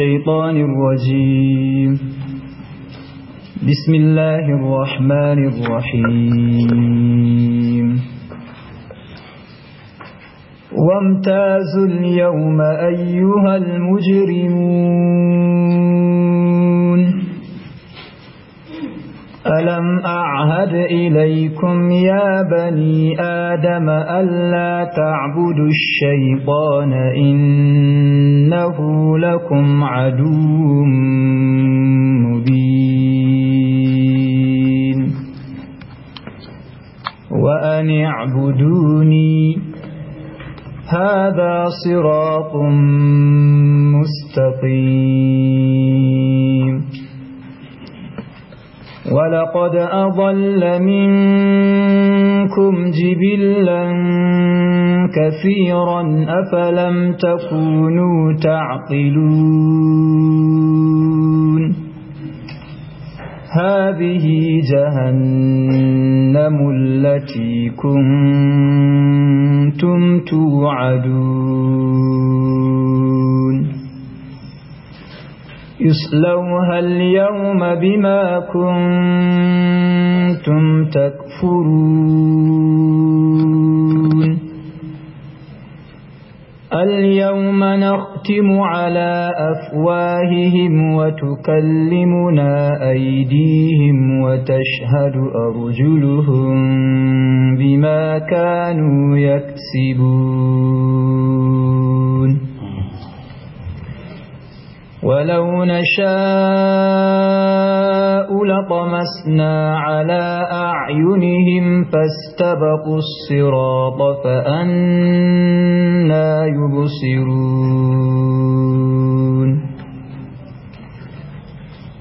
الشيطان الرجيم بسم الله الرحمن الرحيم وامتاز اليوم أيها المجرمون ألم أعهد إليكم يا بني آدم ألا تعبدوا الشيطان إنه لكم عدو مبين وأن اعبدوني هذا صراط مستقيم ولقد أضل منكم جبلا كثيرا أفلم تكونوا تعقلون هذه جهنم التي كنتم توعدون يصلوها اليوم بما كنتم تكفرون اليوم نختم على أفواههم وتكلمنا أيديهم وتشهد أرجلهم بما كانوا يكسبون ولو نشاء لطمسنا على أعينهم فاستبقوا الصراط فأنا يبصرون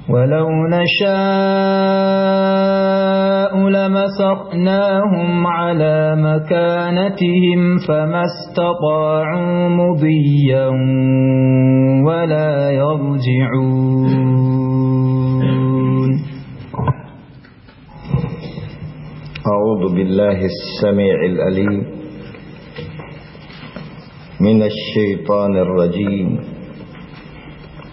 ولو نشاء لمسقناهم على مكانتهم فما استطاعوا مضيا ولا يرجعون أعوذ بالله السميع الأليم من الشيطان الرجيم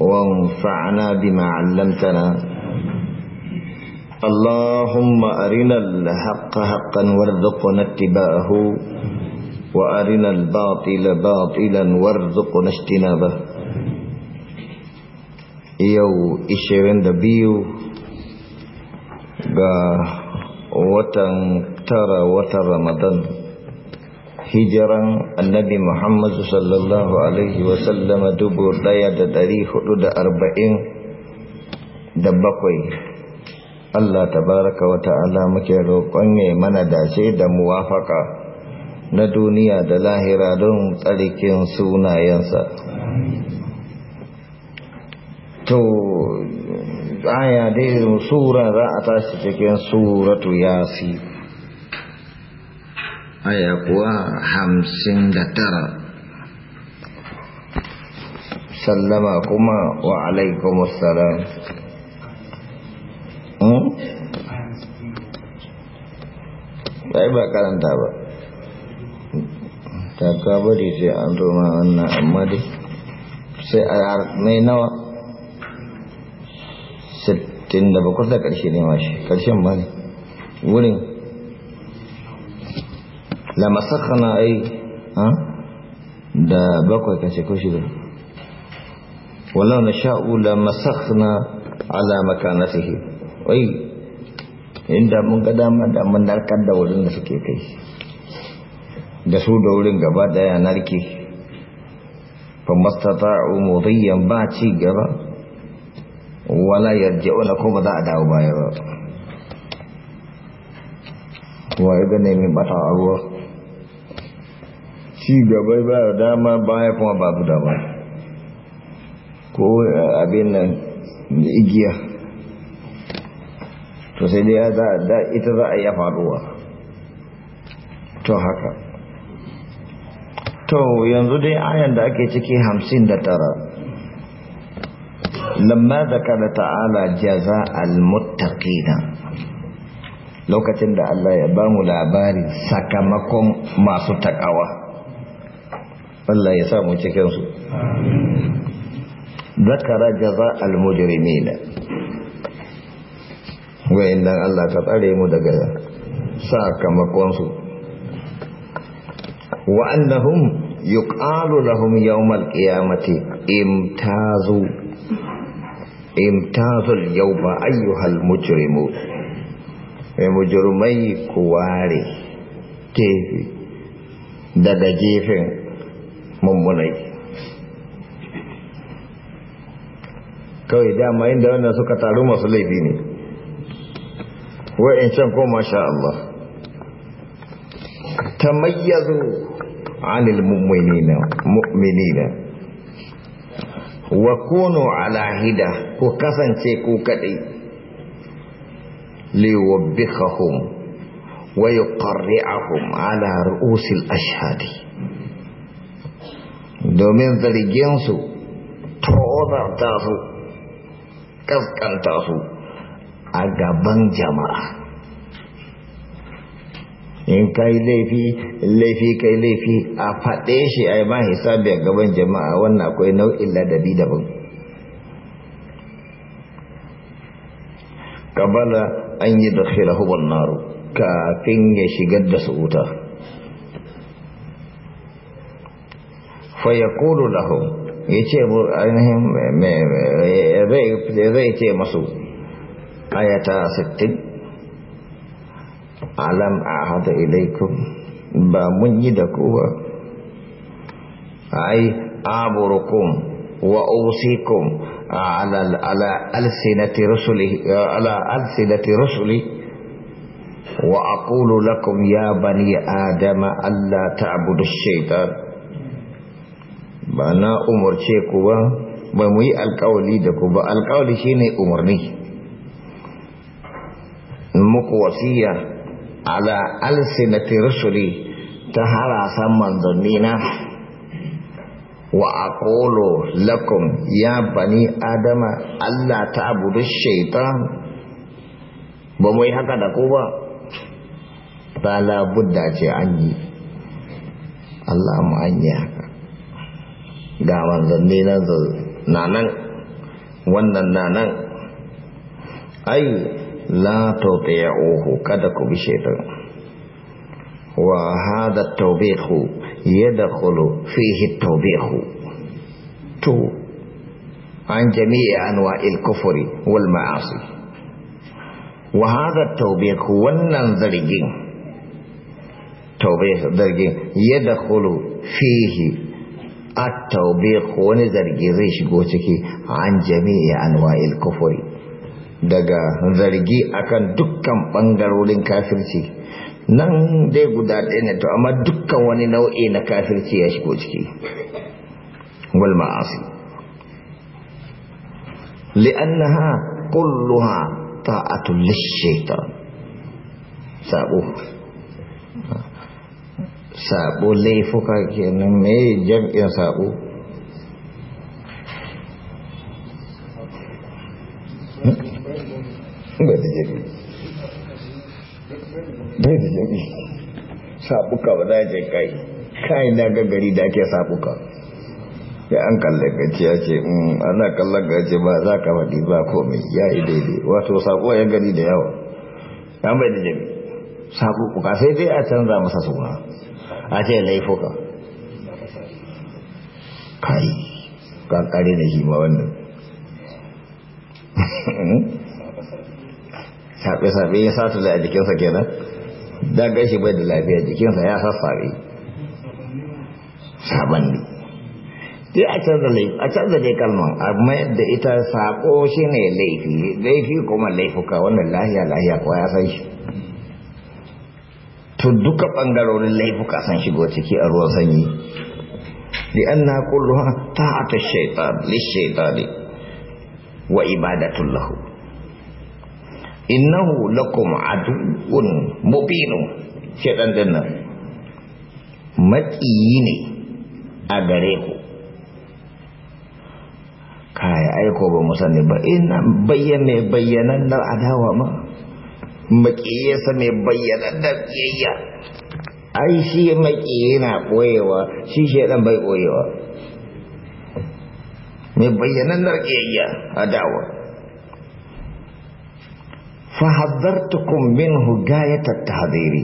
وانفعنا بما علمتنا اللهم أرنا الحق حقا وارزقنا اتباعه وأرنا الباطل باطلا وارزقنا اجتنابه إشيرين دبيو با وتن ترى وتر رمضان hijiran annabi muhammad sallallahu Alaihi wasallam dubu daya da dari hudu da arba'in da bakwai. Allah tabaraka wa ta'ala muke roƙon ne mana dace da muwafaka na duniya da lahira don tsarkin sunayensa. To, aya dai sura za a tashi cikin suratu yasin aya kuwa hamsin da tara sallama kuma wa alaikum salam hmm? bai ba karanta ba ta kabari sai an zo ma wannan amma dai sai a har mai nawa 67 da ƙarshe ne mashi ƙarshen ba ne wurin da masakana ai da bakwai kan ko shida walau na sha'u la masakna ala makanatihi wai inda mun ga dama da mun narkar da wurin da suke kai da su da wurin gaba daya narke fa mastata'u mudiyan ba ci gaba wala yarji'una ko ba za a dawo baya ba wa ga ne min bata ruwa ci gaba ba dama baya kuma babu dama ko eh, abin nan igiya to sai dai za ita za a iya faruwa to haka to yanzu dai ayan da ake ciki hamsin da tara lamma zakara ta'ala jaza al-muttaqina lokacin da Allah ya ba mu labarin sakamakon masu takawa Allah ya samu cikin su zakara jaza al-mujrimina wayannan Allah ka tsare mu daga sakamakon su wa annahum yuqalu lahum yawm al-qiyamati imtazu imtazu al-yawma ayyuhal mujrimun ay mujrimai kuware kefi daga gefen mummunai kawai dama inda wannan suka taru masu laifi ne wa'in can ko masha Allah tamayyazu anil mu'minina mu'minina wa kunu ala ku kasance ku kadai liwabbihum wa yuqarri'ahum ala ru'usil ashadi. domin zarginsu tozarta su kaskanta su a gaban jama'a in kai laifi laifi kai laifi a faɗe shi a yi ma hisabi a gaban jama'a wannan akwai nau'in ladabi daban kabala an yi da khilahubun naru kafin ya shigar da su wuta fa yaqulu lahum yace ainihin zai ce masu ayata 60 alam ahada ilaikum ba mun yi da ku ba ai aburukum wa usikum ala alsinati rusuli wa alsinati rusuli ya لكم يا بني آدم ألا تعبدوا الشيطان ba na umarce ku ba ba mu yi alkawali da ku ba alkawali ne umarni muku wasiya ala alsinati rasuli ta harasan manzanni na wa aqulu lakum ya bani adama Allah ta abudu shaytan ba mu yi haka da ku ba ta la budda ce an yi Allah mu an ga manzanni nan na nan wannan na nan ai la ya tuti'uhu kada ku bi shaytan wa hada tawbihu yadkhulu fihi tawbihu to an jami'i anwa'il kufri wal ma'asi wa hada tawbihu wannan zargin tawbih zargin yadkhulu fihi at ko wani zargi zai shigo ciki an jami'i anwa'il kufuri daga zargi akan dukkan bangarorin kafirci nan dai guda ɗaya ne to amma dukkan wani nau'i na kafirci ya shigo ciki wal ma'asi li'annaha kulluha ta'atul lishaitan sabo sabo laifuka kenan mai jam'in sabo hmm? bai da jami bai da jami sabuka ba za je kai kai na gari da ake sabuka ya an kallon gajiya ce hmm, ana kallon gajiya ba za ka faɗi ba komai ya yi daidai wato sabo ya gari da yawa ya bai da jami'i. sabuka sai dai a canza masa suna a ce laifuka kai kankare da shi ma wannan saɓe-saɓe ya satu da a jikinsa kenan don gashi bai da lafiya jikinsa ya sassaɓe saɓanni dai a laifi a canza dai kalman amma yadda ita sako shi ne laifi laifi kuma laifuka wannan lahiya lahiya kuwa ya san shi to duka bangarorin laifuka san shigo ciki a ruwan sanyi anna kulluha ta'atu shaytan shaytani wa ibadatul lahu innahu lakum aduun mubin shaytan din nan maƙiyi ne a gare ku kai aiko ba mu sani ba ina bayyana bayyanan adawa ma makiyarsa mai bayyana da kiyayya ai shi makiyi na koyewa shi shi shaidan bai koyewa mai bayyanan da kiyayya a dawa fahaddartukum minhu gayatat tahdhiri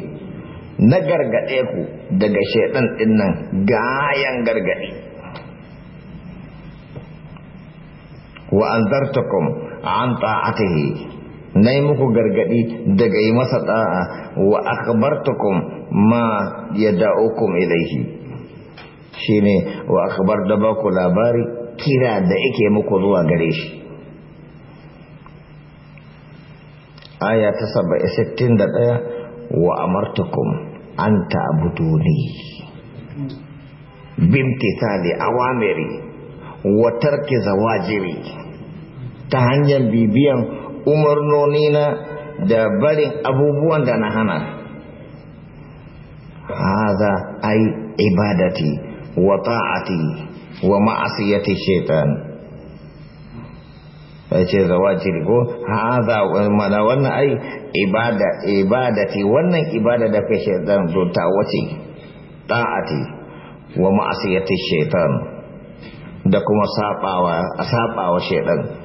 na gargaɗe ku daga shaidan din nan gayan gargaɗi وأنذرتكم عن طاعته na yi muku gargadi daga yi masa ɗa'a wa akhbartukum ma ya da'ukum ilaihi shine wa akhbar da ba ku labari kira da ike muku zuwa gare shi aya ta sittin da wa amartukum an ta'buduni bimtithali awamiri wa tarki zawajiri ta hanyar bibiyan umarnoni na da barin abubuwan da na hana haza ai ibadati wa ta'ati wa ma'asiyati shaitan sai ce zawajir ko haza mana wannan ai ibada ibadati wannan ibada da kai shaitan zo ta wace ta'ati wa ma'asiyati shaitan da kuma sabawa sabawa shaitan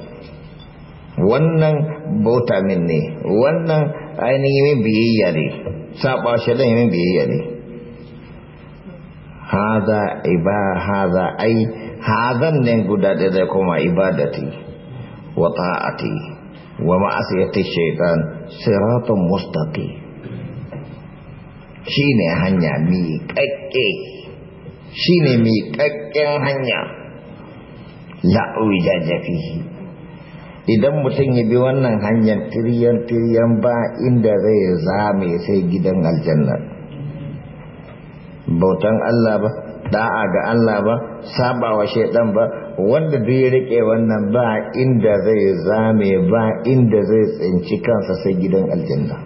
wannan bauta min ne wannan ainihin min biyayya ne saba shi dan min biyayya ne hada iba hada ai hadan ne guda da zai koma ibadati wa ta'ati wa ma'asiyati shaytan siratun mustaqim shine hanya mi kakke shine mi kakken hanya la'u fihi idan mutum ya bi wannan hanyar tiriyan tiriyan ba inda zai zame sai gidan aljanna bautan Allah ba da'a ga Allah ba sabawa shaidan ba wanda duk ya rike wannan ba inda zai zame ba inda zai tsinci kansa sai gidan aljanna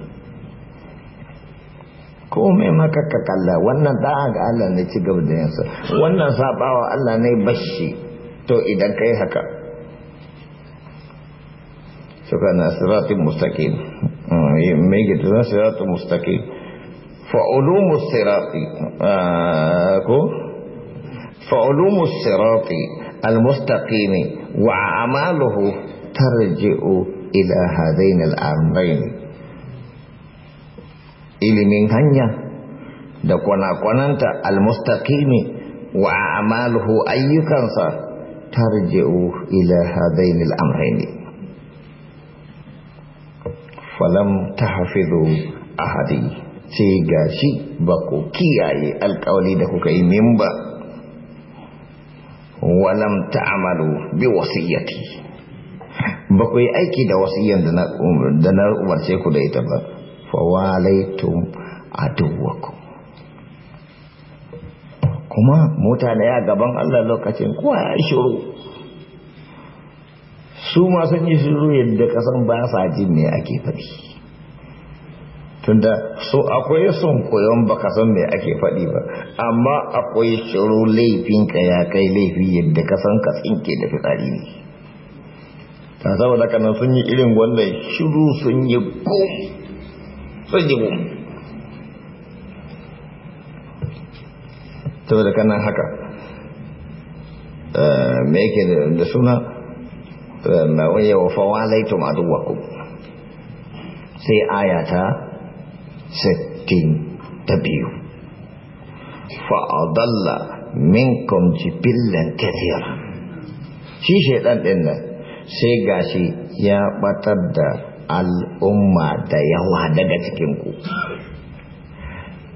komai maka ka kalla wannan da'a ga Allah ne ci gaba da yansa wannan sabawa Allah ne bashi to idan kai haka سبحان صراط مستقيم آه، ميجي تنا صراط مستقيم فعلوم الصراط أكو آه، فعلوم الصراط المستقيم وأعماله ترجع إلى هذين الأمرين ilimin hanya da kwana-kwananta almustaqimi wa a'maluhu ayyukansa tarji'u ila hadainil amrayni falam ta hafizu ahadi ce gashi ba ku kiyaye alkawali da kuka yi mimba. ba walam ta amalu bi wasiyyati ba ku yi aiki da wasiyyan um, da na umarce ku da ita ba a duwaku kuma mutane ya gaban Allah lokacin kuwa ya shuru. su masu yi shiru yadda kasan ba sa jin ne ake faɗi tunda so akwai son koyon baka san me ake faɗi ba amma akwai shiru laifinka ya kai laifi yadda kasan ka tsinke da fitsari ne ta saboda kanan sun yi irin wannan shiru sun yi gum sun yi gum saboda haka eh, me yake da suna yau fawa zaitum aduwakum sai aya ta 62 fa'adalla minkum jibillan kathira shi shaidan din nan sai gashi ya batar da al'umma da yawa daga cikinku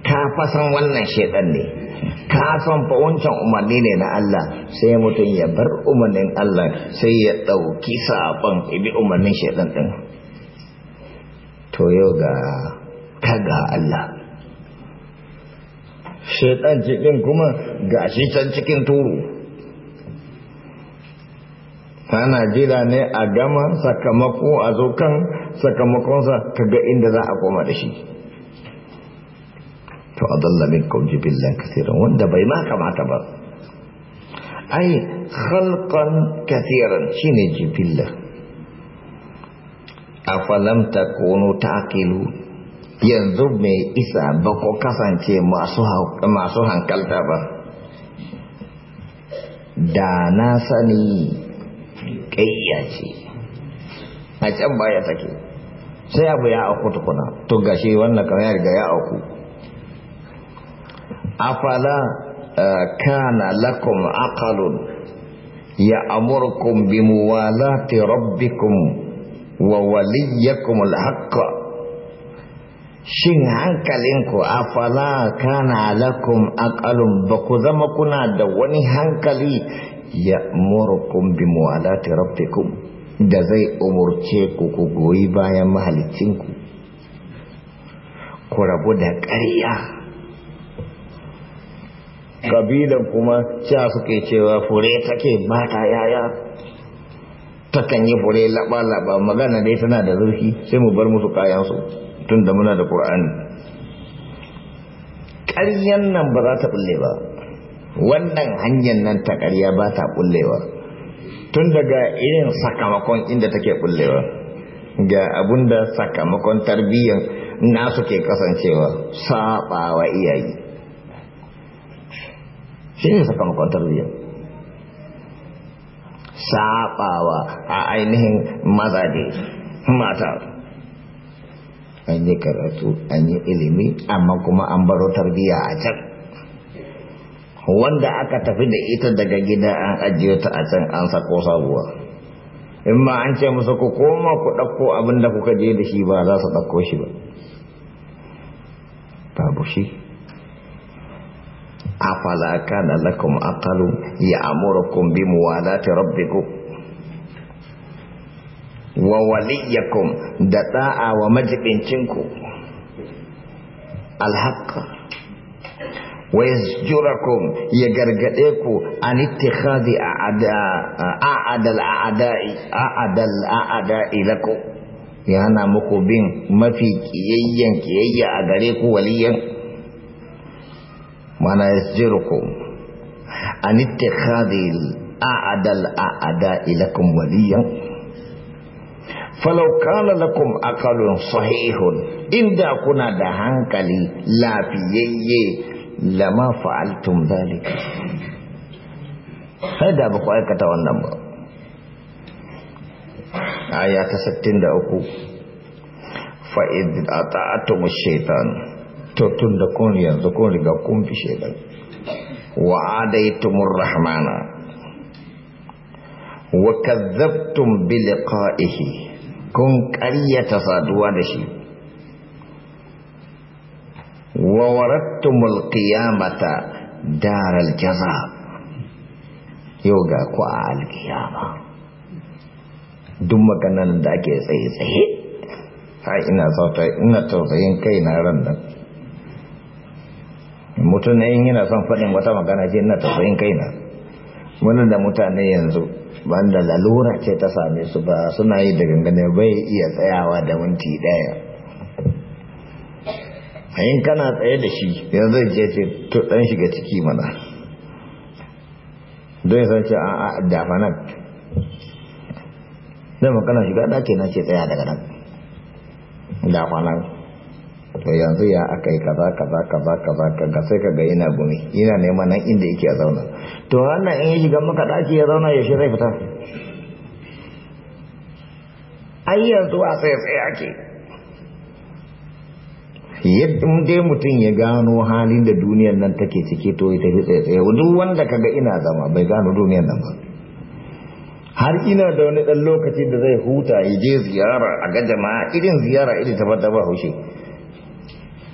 ka fasan wannan shaidan ne ka san fa wancan umarni ne na Allah sai mutum ya bar umarnin Allah sai ya ɗauki saɓon ibi umarnin shaidan ɗin to yau ga kaga Allah shaidan cikin kuma ga shi can cikin turu ana jira ne a gama sakamako a zo kan sakamakonsa kaga inda za a koma da shi to a adalla minkum jibillan kaseeran wanda bai ma kamata ba ai halkan khalqan kaseeran shine jibilla afalam takunu taqilu yanzu mai isa ba ko kasance masu hankalta ba da na sani kayya ce a can baya take sai abu ya auku tukuna to gashi wannan kamar ya riga ya auku afala kana lakum aqalun ya'murukum bimuwalati rabbikum wa waliyakum alhaqqa shin hankalinku afala kana lakum aqalun ba ku zama kuna da wani hankali ya ya'murukum bimuwalati rabbikum da zai umurce ku ku goyi bayan mahalicinku ku rabu da ƙarya kabilan kuma sha suke cewa fure take ba ta yaya takan yi fure laba-laba magana dai tana da zurfi sai mu bar musu kayansu tun da muna da ƙur'ani ƙaryan nan ba za ta bulle ba wannan hanyar nan ta ƙarya ba ta bullewa tun daga irin sakamakon inda take bullewa ga abinda sakamakon tarbiyyar nasu ke kasancewa saɓawa iyayi shi ne sakamakon tarbiyyar saɓawa a ainihin mazaje mata an yi karatu an yi ilimi amma kuma an baro tarbiyya a can wanda aka tafi da ita daga gida an ajiye ta a can an sako sabuwa in ma an ce musu ku koma ku ɗauko abin da kuka je da shi ba za su ɗauko shi ba babu shi afala kana lakum aqalu ya'murukum bi muwalati rabbikum wa waliyakum da da'a wa majbincinku alhaq wa yasjurakum ya gargade ku an ittikhadi a'ada a'adal a'da'i a'adal a'da'i lakum yana muku bin mafi kiyayyen kiyayya a gare ku waliyan معنى يسجركم أن اتخاذ الأعداء الأعداء لكم وليا فلو كان لكم أقل صحيح إن دا كنا دهانك هنكلي لا فيي لما فعلتم ذلك هذا بقوا أي كتوانا آيات ستين دا أكو فإذ أطعتم الشيطان to tun da kun yanzu kun riga kun fi shaidan wa adaitumur rahmana wa kazzabtum bi liqa'ihi kun qaryata saduwa da shi wa warattumul qiyamata daral jaza yau ga ku a alkiyama duk maganan da ake tsaye tsaye ha ina sauta ina tausayin kai na ran nan mutum ne yana son faɗin wata magana ce na tausayin na wanda da mutane yanzu wanda lalura ce ta same su ba suna yi da gangane bai iya tsayawa da minti ɗaya a kana tsaye da shi yanzu je ce to ɗan shiga ciki mana don yasan ce a dafa nan don magana shiga ɗaki na ce tsaya daga nan dafa nan to yanzu ya aka yi kaza kaza kaza kaza kaga sai kaga yana gumi yana neman nan inda yake ya zauna to wannan in ya shiga maka daki ya zauna ya shirya fita ai yanzu a sai sai ake yadda dai mutum ya gano halin da duniyar nan take ciki to ya tafi tsaye duk wanda kaga ina zama bai gano duniyar nan ba har ina da wani dan lokaci da zai huta ya je ziyara a ga jama'a irin ziyara irin ta ba haushe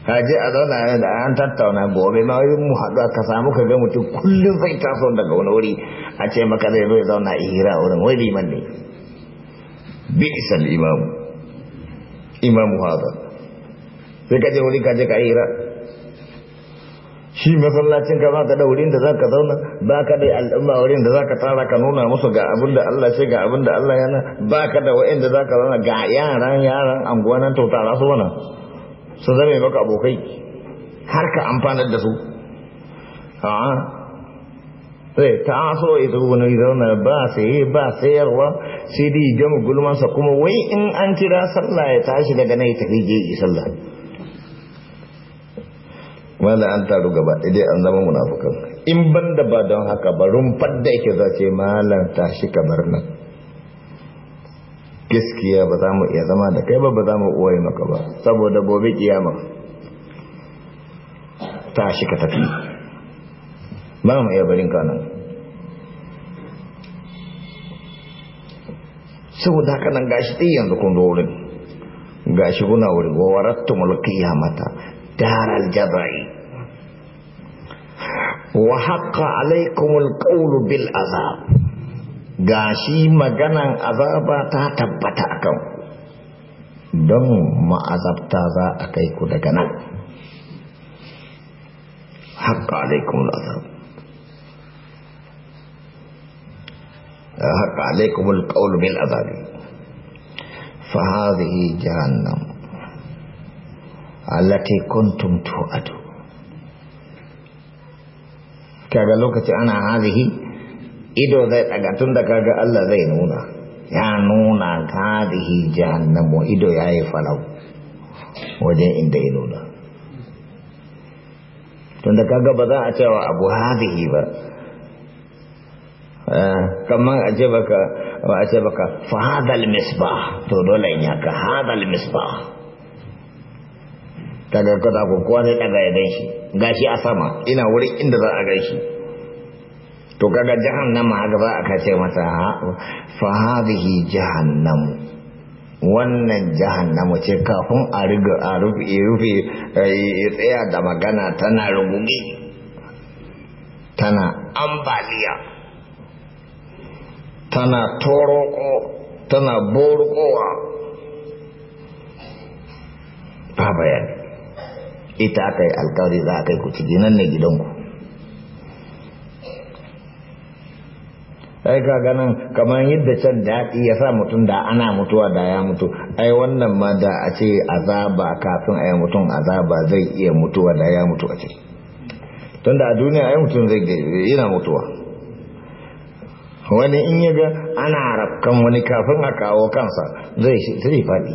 ka je a zauna ne da an tattauna gobe ma yi mu haɗu ka samu ka ga mutum kullum zai taso daga wani wuri a ce maka zai zo ya zauna a hira wurin wai liman ne bi isal imamu imamu haza sai ka je wuri ka je ka hira shi masallacin ka baka da wurin da zaka zauna baka da al'umma wurin da zaka tara ka nuna musu ga abin da Allah ce ga abin da Allah yana baka da da zaka zauna ga yaran yaran anguwanan tautara su wannan su zama maka abokai har ka amfanar da su a'a zai taso ya zo wani zauna ba saye ba sayarwa sai dai gama gulmansa kuma wai in an kira sallah ya tashi daga nan ya tafi je yi sallah wanda an taru gaba idai an zama munafukan in ban da ba don haka ba rumfar da yake zace malam tashi kamar nan gaskiya ba za mu iya zama da kai ba ba za mu ɓoye maka ba saboda gobe kiyama ta shi ka tafi ba mu iya barin kanan saboda haka nan gashi ɗin yanzu kun wurin gashi kuna wurin wa warattu mulkiya mata daral jaza'i wa haqqa alaikumul qawlu bil azab Ga shi maganan azaba ta tabbata kan. don ma'azabta za a kai ku daga nan haƙƙa alaikun azab haƙƙa alaikun alƙaunu mil azabi fa hadhihi jahannam allati kuntum tu'adu kaga lokaci ana hazihi. ido zai daga tun da kaga Allah zai nuna ya nuna kadihi jahannamu ido ya yi falau wajen inda ya nuna tun da kaga ba za a cewa abu hadihi ba eh, kamar a ce baka ba a ce baka fa hadal to dole in yaka hadal misbah kaga kada ko kowa zai daga ya gan shi gashi a sama ina wurin inda za a gan shi to kaga jahannama haka za a kace mata fa hadhihi jahannamu wannan jahannamu ce kafin a riga a rufe rufe tsaya da magana tana rugugi tana ambaliya tana toroko tana borukowa ba bayani ita aka yi alkawari za a kai ku ciki nan ne gidanku ai ka ganin kamar yadda can daɗi ya sa mutum da ana mutuwa da ya mutu ai wannan ma da a ce azaba kafin a yi mutum azaba zai iya mutuwa da ya mutu a ce tun a duniya ai mutum zai yana mutuwa wani in ya ga ana rafkan wani kafin a kawo kansa zai faɗi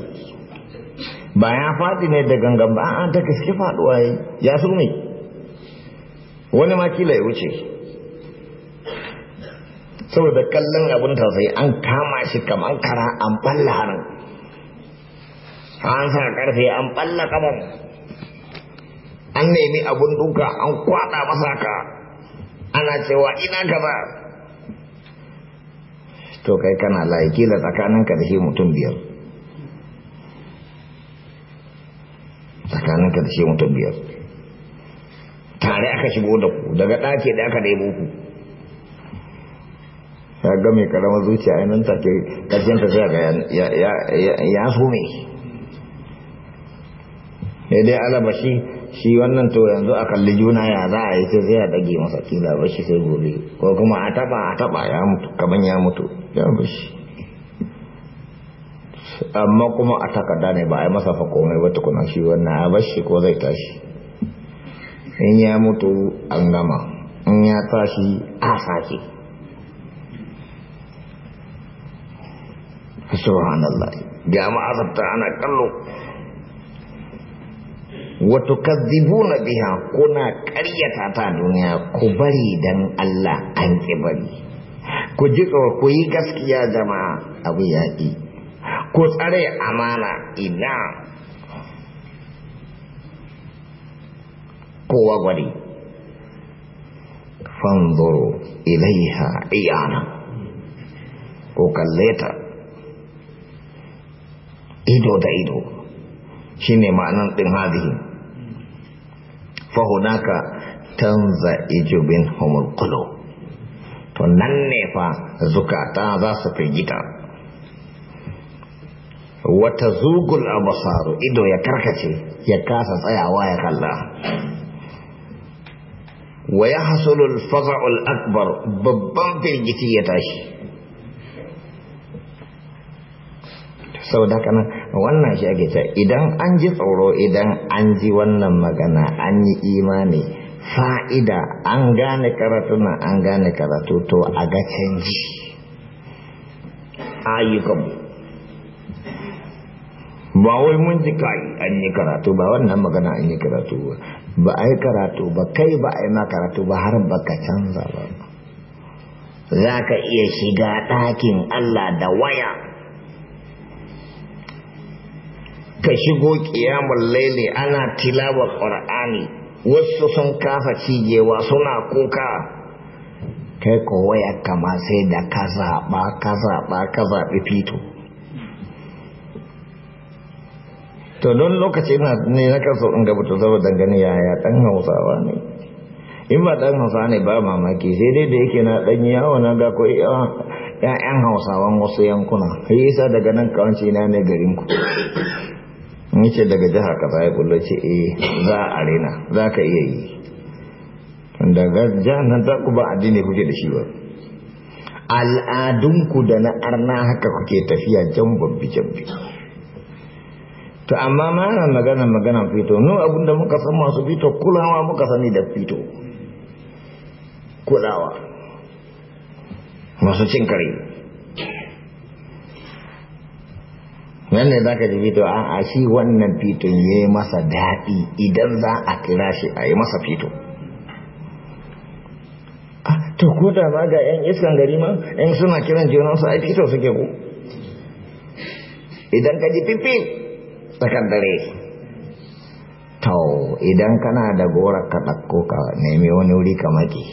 ba ya faɗi ne da gangan ba an ta gaske faɗuwa ya ne wani makila ya wuce saboda kallon abin tausayi an kama shi kamar kara an balla hannun an sa karfe an balla kamar an nemi abin duka an kwada masa ka ana cewa ina gaba to kai kana layi kila ka da shi mutum biyar ka da shi mutum biyar tare aka shigo da ku daga ɗaki da aka ɗebo ku ya ga mai karamar zuciya yanar take karshen ta zaga ya fume ya dai alaba shi shi wannan to yanzu a kalli juna ya za a yi sai zai a dage masa kila ba shi sai gobe ko kuma a taba a taba ya mutu kaman ya mutu ya bashi amma kuma a takarda ne ba a yi masa fa komai ba tukuna shi wannan a bashi ko zai tashi in ya mutu an gama in ya tashi a sake subhanallah ga ma'azabta ana kallo wato kazzibuna biha kuna ƙaryata ta duniya ku bari dan Allah an ki bari ku ji ku yi gaskiya jama'a abu yaƙi ku tsare amana ina kowa gwari fanzuru ilaiha iyana ku kalleta ido da ido shine ma'anan din hadihi fahunaka tanza ijubin humul qulub to nan ne fa zukata za su firgita wata zugul abasaru ido ya karkace ya kasa tsayawa ya kalla wa ya hasulul faza'ul akbar babban firgiti ya tashi sau da kana wannan shi ake cewa idan an ji tsoro idan an ji wannan magana an yi imani fa'ida an gane karatu na an gane karatu to a ga canji ayyukan ba wai mun ji kai an yi karatu ba wannan magana an yi karatu ba ba a yi karatu ba kai ba a yi ma karatu ba har ba ka canza ba za ka iya shiga ɗakin Allah da waya ka shigo ƙiyamun laili ana tilawa ƙur'ani wasu sun kafa cijewa suna kuka kai kowa ya kama sai da ka zaɓa ka zaɓa ka zaɓi fito to don lokaci na ne na kaso in gabata to zaba dangane yaya ɗan hausawa ne in ba ɗan hausa ne ba mamaki sai dai da yake na ɗan yawo na ga ko ‘ya'yan hausawan wasu yankuna yi isa daga nan kawanci na ne garin ku ni daga jihar ka ya kullo ce eh za a rena za ka iya yi daga jihar nan ta ku ba addini kuke da shi ba al'adunku da na arna haka kuke tafiya jan babbi jambi to amma mana magana magana fito no abinda muka san masu fito kulawa muka sani da fito kulawa masu cin kare nan ne zaka ji fito a a shi wannan fito ya masa daɗi idan za a kira shi a yi masa fito ah, to ko da ma ga yan iskan gari ma in suna kiran junansu ai fito suke ku idan ka ji pipi tsakan dare to idan kana da gora ka ɗauko ka nemi wani wuri ka maki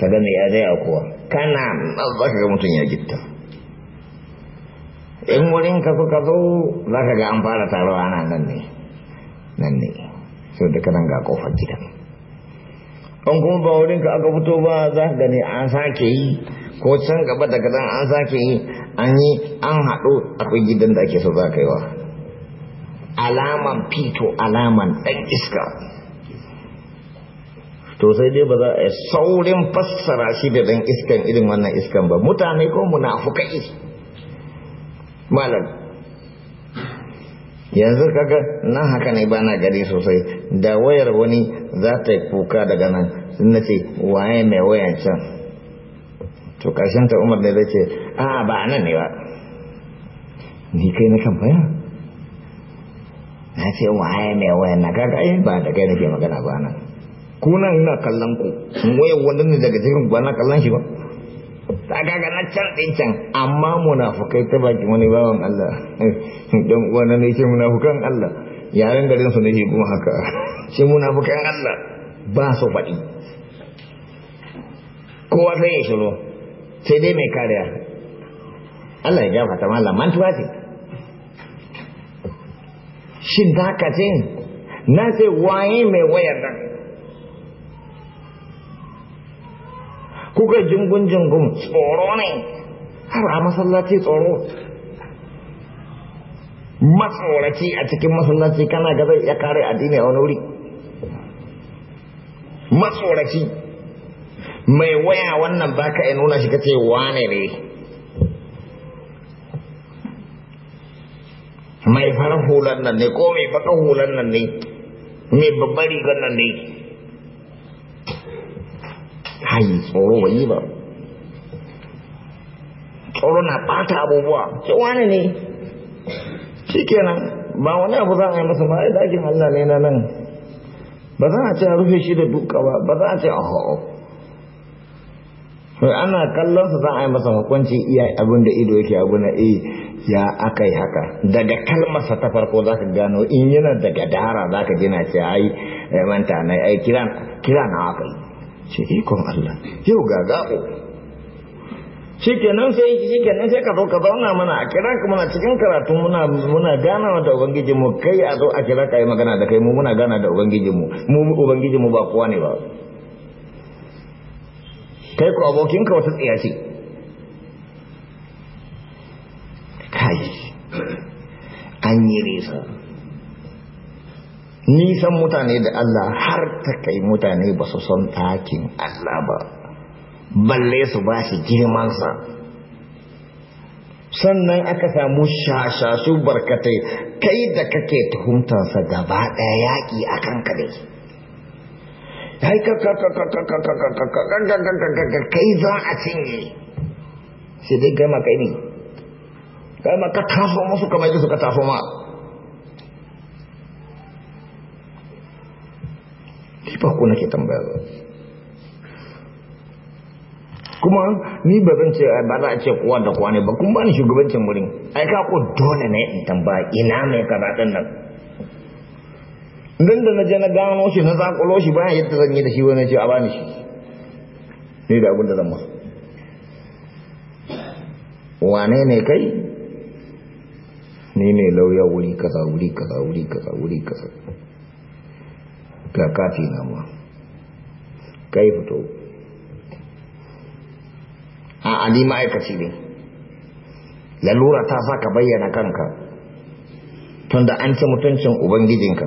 ka ga ya zai akuwa kana zaka ga mutum ya gitta in wurin ka kuka zo za ka ga an fara taro ana nan ne nan ne sau duka nan ga kofar gidan an kuma ba wurin ka aka fito ba za ka gani an sake yi ko can gaba daga dan an sake yi an yi an haɗu akwai gidan da ake so za ka yi wa alaman fito alaman ɗan iska to sai dai ba za a saurin fassara shi da ɗan iskan irin wannan iskan ba mutane ko munafukai malam yanzu kaga nan haka ne ba na gari sosai da wayar wani za ta yi kuka daga nan sun na ce waye mai wayan can to ƙarshen ta umar da zai ce a ba nan ne ba ni kai na kan faya na ce waye mai wayan na kaga ai ba da kai nake magana ba nan kunan ina kallon ku wayan wannan ne daga cikin ba na kallon shi ba ta gaga na can ɗin can amma munafukai ta baki wani bawan Allah don wani ne ke munafukan Allah yaren garin su shi kuma haka shi munafukan Allah ba su faɗi kowa sai ya shiro sai dai mai kariya Allah ya gafata Allah mantuwa ce shin da haka ce na sai waye mai wayar nan kuka jingun jingun tsoro ne har a masallaci tsoro matsoraci a cikin masallaci kana ga zai iya kare addini a wani wuri matsoraci mai waya wannan baka ya nuna shi kace wane ne mai fara hular nan ne ko mai bakan hular nan ne mai babbar rigar nan ne hayi tsoro bai yi ba tsoro na bata abubuwa ce wani ne shi kenan ba wani abu za a yi masa ba dakin Allah ne na nan ba za a ce a rufe shi da duka ba ba za a ce a ho'o ana kallon su za a yi masa hukunci iya abin da ido yake abu na eh ya aka haka daga kalmarsa ta farko za ka gano in yana daga dara za ka jina ce ai manta na ai kiran kiran na aka ce ikon Allah yau ga gabo shikenan sai shikenan sai ka zo ka zauna mana a kira ka muna cikin karatu muna muna ganawa da ubangiji mu kai a zo a kira ka yi magana da kai mu muna gana da ubangiji mu mu ubangiji mu ba kowa ne ba kai ku abokinka wata tsiya ce kai an yi nisa nisan mutane da Allah har ta kai mutane ba su son ɗakin Allah ba balle su ba shi girmansa sannan aka samu shashashu barkatai kai da kake tuhumtansa gaba ɗaya yaƙi a kanka ne kai za a cinye sai dai gama kai ne gama ka taso musu kamar yadda suka taso ma ni ba ku nake kuma ni ba zan ce ba za a ce kowa da kowa ne ba kun bani shugabancin wurin ai ka ko dole ne in tambaya ina mai kaza din nan dan da na je na gano shi na zakulo shi bayan yadda zan yi da shi wani ce a bani shi ni da abin da zan wane ne kai ni ne lauya wuri kaza wuri kaza wuri kaza wuri kaza ga kati na ma kai fito a ali ma'aikaci ne lalura ta sa ka bayyana kanka tunda an ci mutuncin ubangijinka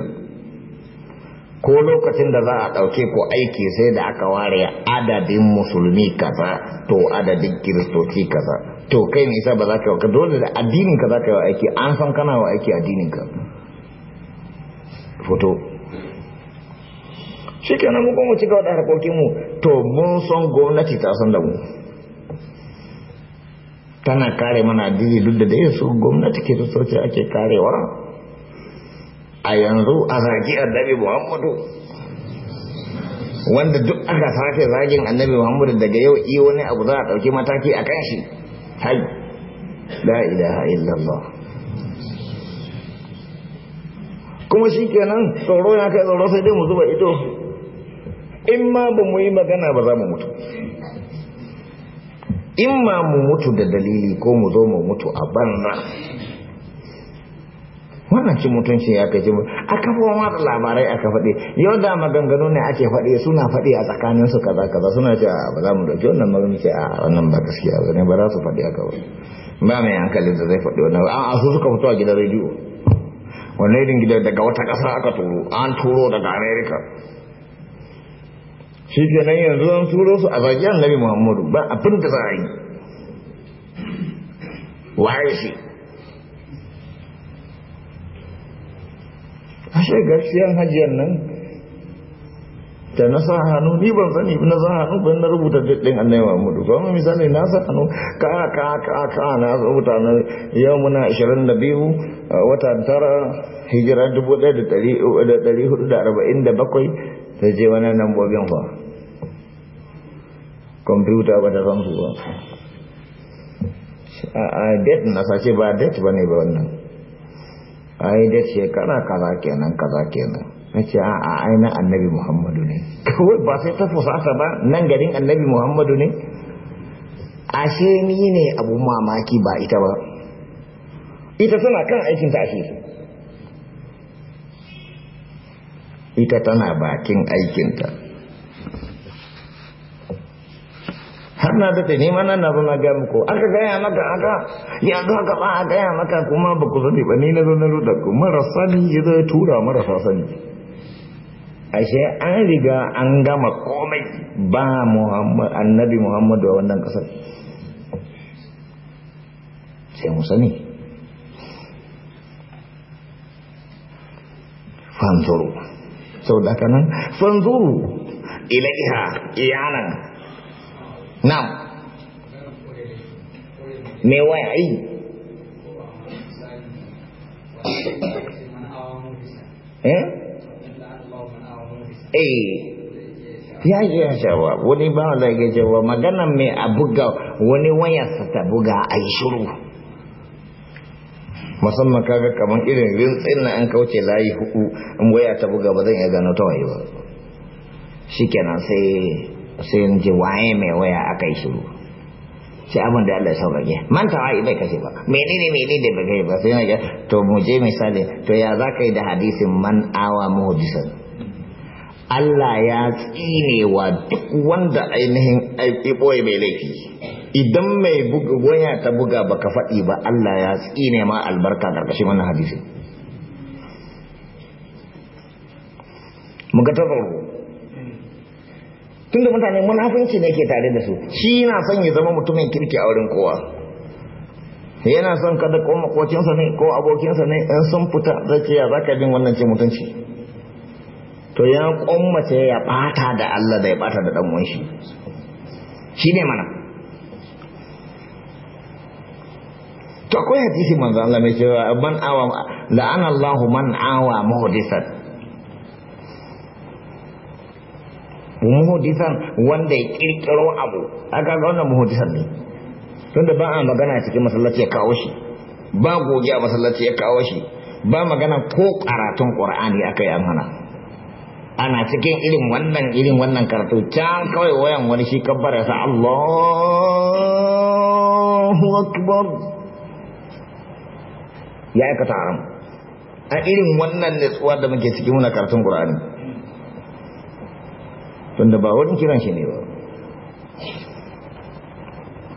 ko lokacin da za a ɗauke ko aiki sai da aka ware adadin musulmi kaza to adadin kiristoci kaza to kai ne isa ba za ka yi dole da addinin ka za ka yi aiki an san kana wa aiki addinin ka foto shi nan mu kuma ci gaba da harkokinmu to mun son gwamnati ta san da mu tana kare mana addini duk da dai su gwamnati ke soce ake karewa a yanzu a zagi annabi muhammadu wanda duk aka sake zagin annabi muhammadu daga yau iya wani abu za a ɗauki mataki a kan shi hai la ilaha illallah kuma shi kenan tsoro ya kai tsoro sai dai mu zuba ido in ma ba mu yi magana ba za mu mutu in ma mu mutu da dalili ko mu zo mu mutu a banza wannan cin mutunci ya kai jimu a kafin wata labarai aka faɗi yau da maganganu ne ake faɗi suna faɗi a tsakaninsu kaza kaza suna ce a ba za mu ɗauki wannan maganin ce a wannan ba gaskiya ba ne ba za su faɗi aka ba ba mai hankalin da zai faɗi wannan a su suka fito a gidan rediyo wannan irin gidan daga wata ƙasa aka turo an turo daga amerika shi nan yanzu an turo su a zagi annabi muhammadu ba abin da za a yi waye shi ashe gaskiyan hajiyar nan da na sa hannu ni ban sani na sa hannu ban na rubuta daɗin annai muhammadu ba mu misali na sa hannu ka ka ka ka na rubuta na yau muna 22 watan tara hijira bakwai. sai je wani lambobin fa kwamfuta ba ta san su ba a det na sace ba det ba ne ba wannan a yi det shekara kaza kenan kaza kenan na ce a aina annabi muhammadu ne kawai ba sai ta fusata ba nan garin annabi muhammadu ne ashe ni ne abun mamaki ba ita ba ita tana kan aikinta ashe su ita tana bakin aikinta har na daɗe ne ma na zo na gaya muku aka gaya maka aka ya ga aka a gaya maka kuma ba ku zabi ba ni na zo na ruɗa ku marasa ni ya tura marasa sani ashe an riga an gama komai ba muhammad annabi muhammad wa wannan kasar sai mu sani fanzuru sau da kanan fanzuru ilaiha iyana na me waya yi eh eh ya ji ya shawa wani ba da ya jawa maganan mai a buga wani wayarsa ta buga a yi shuru musamman kaga kaman irin rintsin na an kauce layi hudu in waya ta buga ba zan iya gano ta waye ba shikenan sai sai in ji waye mai waya aka yi shiru sai abin da Allah ya sauƙaƙe mantawa bai kashe ba menene menene ba kai ba sai na ga to mu je misali to ya za ka yi da hadisin man awa muhdisan Allah ya tsinewa duk wanda ainihin aiki boye mai laifi idan mai buga waya ta buga baka faɗi ba Allah ya tsine ma albarka ƙarƙashin wannan hadisi muka tazarru tunda mutane munafunci ne ke tare da su shi yana son ya zama mutumin kirki a wurin kowa yana son kada ko makocinsa ne ko abokinsa ne in sun fita zai ce ya zaka bin wannan ce mutunci to ya mace ya bata da Allah da ya bata da dan shi ne mana to akwai hadisi manzo Allah mai cewa man awa la'ana Allahu man awa muhdisan muhdisan wanda ya kirkiro abu aka ga wannan muhdisan ne tunda ba a magana cikin masallaci ya kawo shi ba goge a masallaci ya kawo shi ba magana ko karatun qur'ani aka yi amana ana cikin irin wannan irin wannan karatu can kawai wayan wani shi kabbara sa Allahu akbar ya aikata haram a irin wannan nutsuwa da muke cikin muna karatun Qur'ani tunda ba wurin kiran shi ne ba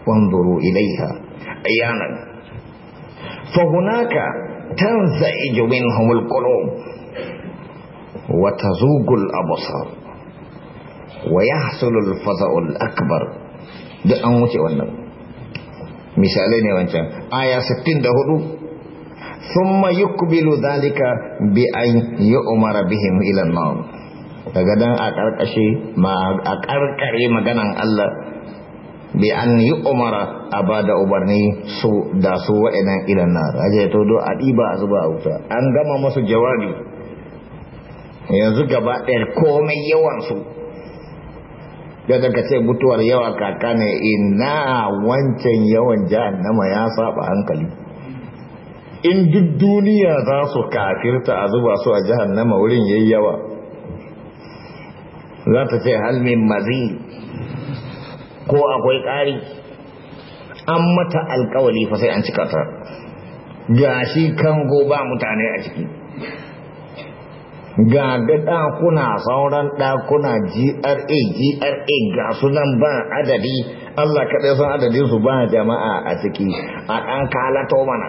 wanzuru ilaiha ayanan fa hunaka tanza'iju minhumul qulub wa tazugul absar wa yahsulul faza'ul akbar da an wuce wannan misalai ne wancan aya 64 thumma yukbilu dalika bi an yu'mara bihim ila daga dan a karkashe ma a karkare maganan Allah bi an yi umara a ba da umarni su da su wa'inan ilan na aje to do a ɗiba a zuba a wuta an gama masu jawabi yanzu gaba ɗaya komai yawansu da daga ce mutuwar yawa kaka ne ina wancan yawan jahannama ya saba hankali in duk duniya za su kafirta a zuba su a jihar wurin yayi yawa za ta ce halmin mazi ko akwai ƙari an mata alkawali fa sai an cika ta gashi kan goba mutane a ciki ga ga ɗakuna sauran ɗakuna gra gra ga sunan ba adadi allah kaɗai san adadinsu ba jama'a a ciki a ɗan kalato mana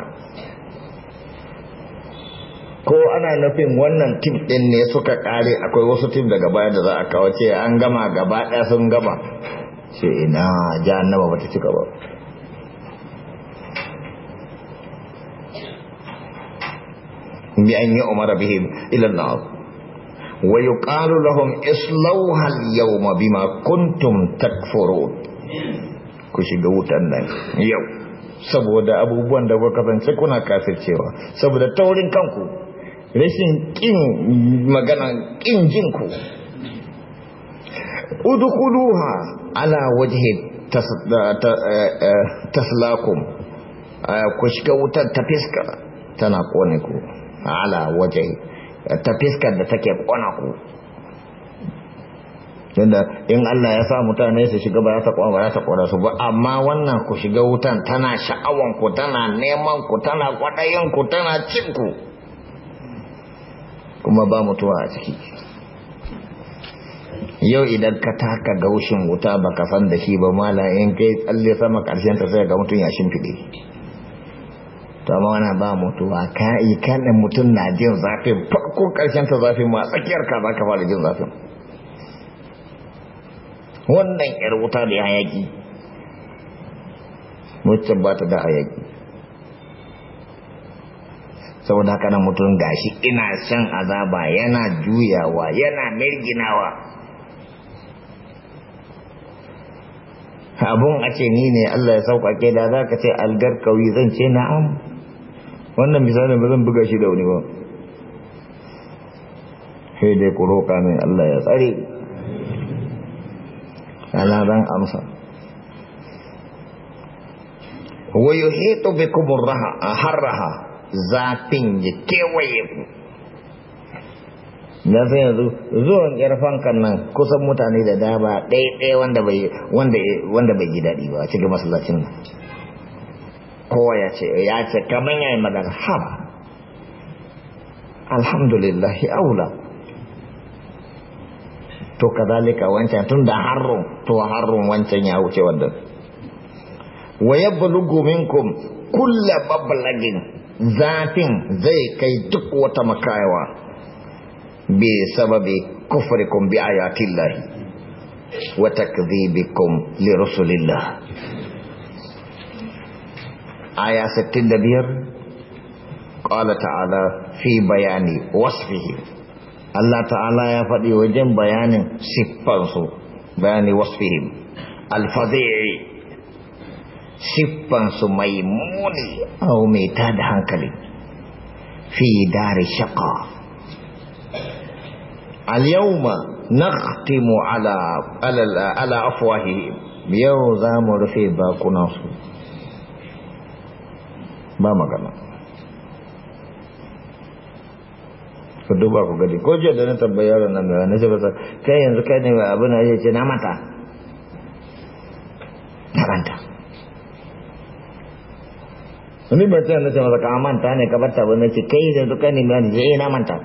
ko ana nufin wannan tim ɗin ne suka ƙare akwai wasu tim daga baya da za a kawo ce an gama gaba ɗaya sun gama ce ina jahannama bata cika ba bi an yi umara bihim ila nar wa yuqalu lahum islawha al-yawma bima kuntum takfurun ku shiga wutan nan yau saboda abubuwan da kuka kasance kuna kafircewa saboda taurin kanku rashin ƙin magana ƙin jinku udkhuluha ala wajhi eh, eh, taslakum eh, ku shiga wutar ta tana kone ku ala wajhi ta fiskar da take kona ku tunda in Allah ya sa mutane su shiga ba za ta kona ba za ta kona su ba amma wannan ku shiga wutan tana sha'awanku, ku tana neman ku tana kwadayin ku tana cin ku kuma ba mutuwa a ciki yau idan ka taka gaushin wuta baka san da shi ba mala in kai tsalle sama karshen ta sai ga mutum ya shimfiɗe ta ma wana ba mutuwa ka yi kanin mutum na jin zafin farko karshen ta zafin ma tsakiyar ka zaka fara jin zafin wannan yar wuta da hayaki mutum ba ta da hayaki saboda haka nan mutum gashi ina shan azaba yana juyawa yana mirginawa abun a ce ni ne Allah ya sauƙaƙe da za ka ce algar kauyi zan ce na'am wannan misalin ba zan buga shi da wani ba sai dai ku roƙa min Allah ya tsare ana zan amsa wa yuhitu bikum harraha zafin ya kewaye ku na sai yanzu zuwan irfan kannan nan kusan mutane da daba ɗaiɗai wanda bai ji daɗi ba a cikin masallacin nan kowa ya ce ya ce kamar ya yi magana haba alhamdulillah aula to kazalika wancan tun da harun to harrun wancan ya wuce wanda wa yabbalu minkum kulla bablagin zafin zai kai duk wata makayawa bi sababi kufrikum bi ayatillahi wa takdhibikum li rusulillah aya 65 qala ta'ala fi bayani wasfihi Allah ta'ala ya faɗi wajen bayanin siffansu bayani wasfihim al-fadhi'i siffansu mai muni au mai tada hankali fi dari shaqa al-yawma nakhtimu ala ala afwahihim yau za mu rufe bakunansu ba magana ku duba ku gadi ko jiya da na tambayi yaron nan da na ce basa kai yanzu kai ne ba abin da ya ce na mata na manta ni ba ce eh, nace masa ka manta ne ka barta ba nace kai da duka ne mai je na manta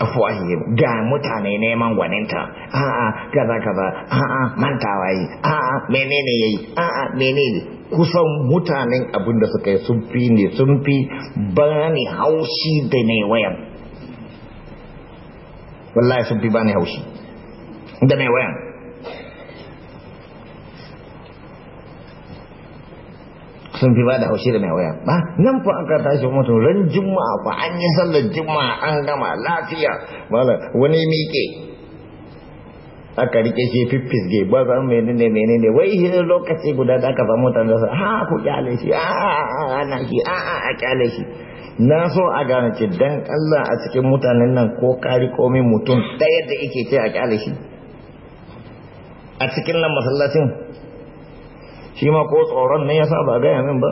afuwahim ga mutane neman gwaninta a'a kaza kaza a'a mantawa yi a'a menene ah a'a menene ah ah, abin da suka yi ni fi ne sun sumpi, bani haushi da ne wayan wallahi sun bani haushi da ne sun fi ba da haushi da mai waya ba nan fa karta shi mutum ran juma'a fa an yi sallar juma'a an gama lafiya mala wani miƙe aka rike shi ge ba za mu ne ne wai shi lokaci guda da aka samu tanda su ha ku kyale shi a a ana shi a a a kyale shi na so a gane ce dan Allah a cikin mutanen nan ko kari min mutum ɗaya da yake ce a kyale shi a cikin nan masallacin shi ma ko tsoron ne yasa ba gaya min ba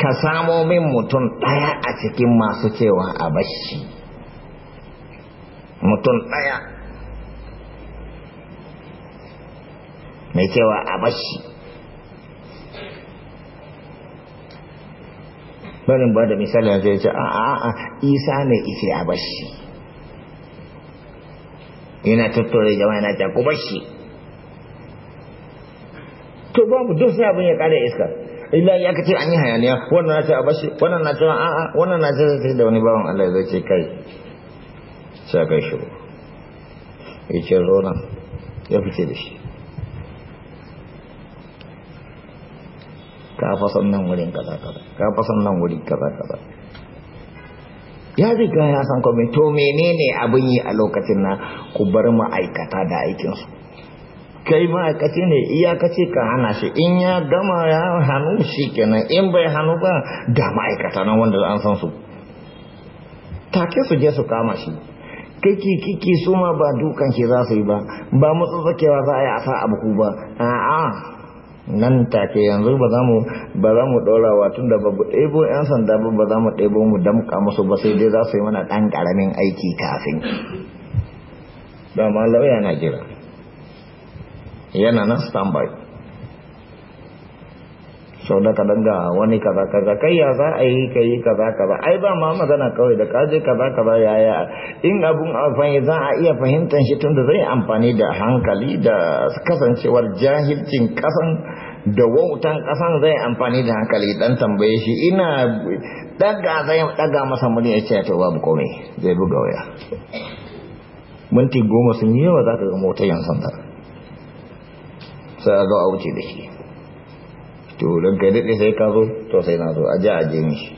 ka samo min mutum ɗaya a cikin masu cewa a bashi mutum ɗaya mai cewa a bashi barin ba da misali yanzu ya ce a a isa ne ife a bashi yana tattore jama'a yana ta ku bashi to babu duk sai abin ya kare iska illa ya kace an yi hayaniya wannan na ce a bashi wannan na ce a'a wannan na ce da wani bawan Allah zai ce kai sai kai shi ya ce zona ya fice da shi ka fasan nan wurin kaza kaza ka fasan nan wurin kaza kaza ya riga ya san kome to menene abin yi a lokacin na ku bar ma'aikata da aikinsu kai ma'aikaci ne iyakaci ka hana shi in ya gama ya hannu shi kenan in bai hannu ba da ma'aikata nan wanda an san su take su je su kama shi kiki kiki su ma ba dukan shi za su yi ba ba tsakewa za a yi a sa ba a'a nan take yanzu ba za mu ba za mu dora wa tun da babu ɗebo yan sanda ba ba za mu ɗebo mu damka musu ba sai dai za su yi mana ɗan ƙaramin aiki kafin ba ma lauya na jira yana nan standby sau da kadan ga wani kaza kaza kai ya za a yi kai kaza kaza ai ba ma magana kawai da kaje kaza kaza yaya in abun ya za a iya fahimtar shi tunda zai amfani da hankali da kasancewar jahilcin kasan da wautan kasan zai amfani da hankali dan tambaye shi ina daga zai daga masa muni ya ce to babu komai zai buga waya minti goma sun yi yawa za ka ga motar yan sai a zo a wuce da shi to don kai daɗe sai ka zo to sai na zo a ji je mishi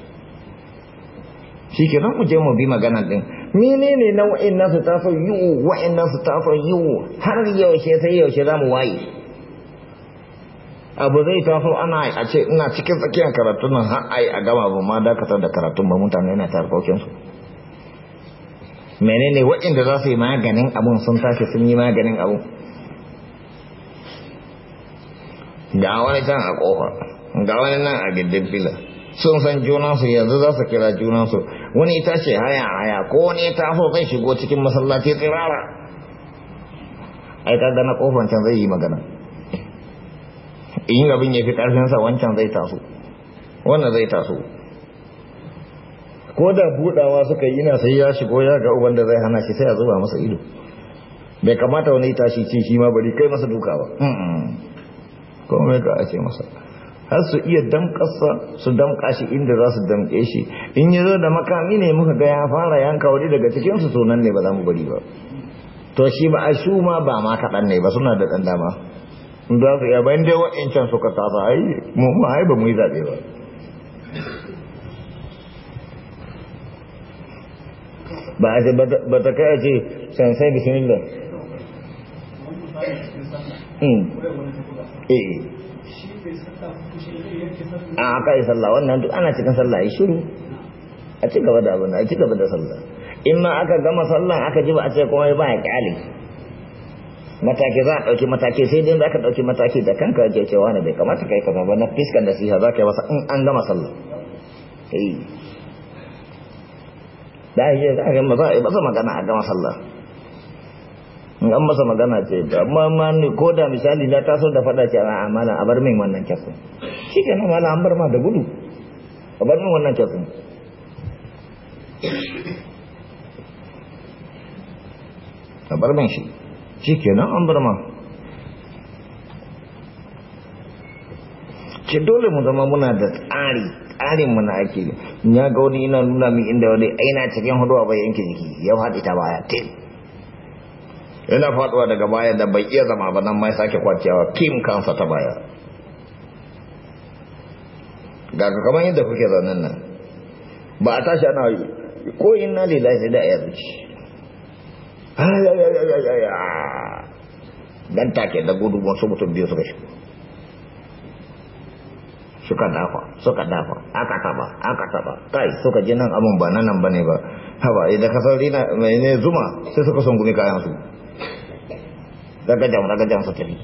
shi ke nan je mu bi magana ɗin mene ne na wa'in nasu tafa yiwu wa'in nasu tafa yiwu har yaushe sai yaushe za mu waye abu zai taso ana a ce ina cikin tsakiyar karatun nan har ai a gama ba ma dakatar da karatun ba mutane yana tarkokin su menene waɗanda za su yi maganin abun sun tashi sun yi maganin abun ga wani can a kofa ga wani nan a gindin fila sun san su yanzu za su kira su wani ita ce haya haya ko wani ta so zai shigo cikin masallaci tsirara ai ka na kofan can zai yi magana in abin ya fi karfinsa wancan zai taso wannan zai taso ko da budawa suka yi na sai ya shigo ya ga uban da zai hana shi sai a zuba masa ido bai kamata wani tashi ce shi ma bari kai masa duka ba kuma mai da ake masa har su iya damƙasa su damƙa shi inda za su damƙe shi in ya zo da makami ne muka ga ya fara yanka wani daga cikin su sunan ne ba za mu bari ba to shi ba a shu ma ba ma kaɗan ne ba suna da ɗan dama za su iya bayan dai wa'incan suka kasa ai mu ma ai ba mu yi zaɓe ba ba a ce ba ta kai a ce sansai bismillah hmm. eh a yi sallah wannan duk ana cikin sallah ya shiru a ci gaba da abin a ci gaba da sallah in ma aka gama sallah aka ji ba a ce kuma ba ya kyale mataki za a ɗauki mataki sai dai za ka ɗauki mataki da kanka ya ce wani bai kamata kai kaza ba na fiskan da siya za ka yi masa in an gama sallah eh da ya za a gama ba za magana a gama sallah in an masa magana ce amma ma ne ko da misali na taso da fada ce a amana a bar min wannan kyasin shi ke nan mala an bar ma da gudu a bar min wannan kyasin a bar min shi shi ke nan an bar ma ce dole mu zama muna da tsari tsarin mu na ake ya ga wani ina nuna min inda wani aina cikin hudu a bayan yanke jiki ya haɗe ta baya tin yana faduwa daga baya da bai iya zama ba nan mai sake kwanciyawa kim kansa ta baya ga kamar yadda kuke zanen nan ba a tashi ana ko ina lillahi sai da ya zuci dan take da gudu wasu mutum biyu suka shi suka dafa suka dafa aka taba aka taba kai suka ji nan abun ba nan ba ne ba haba idan kasar sauri mai ne zuma sai suka sungumi kayan su ragajan ragajan su tafi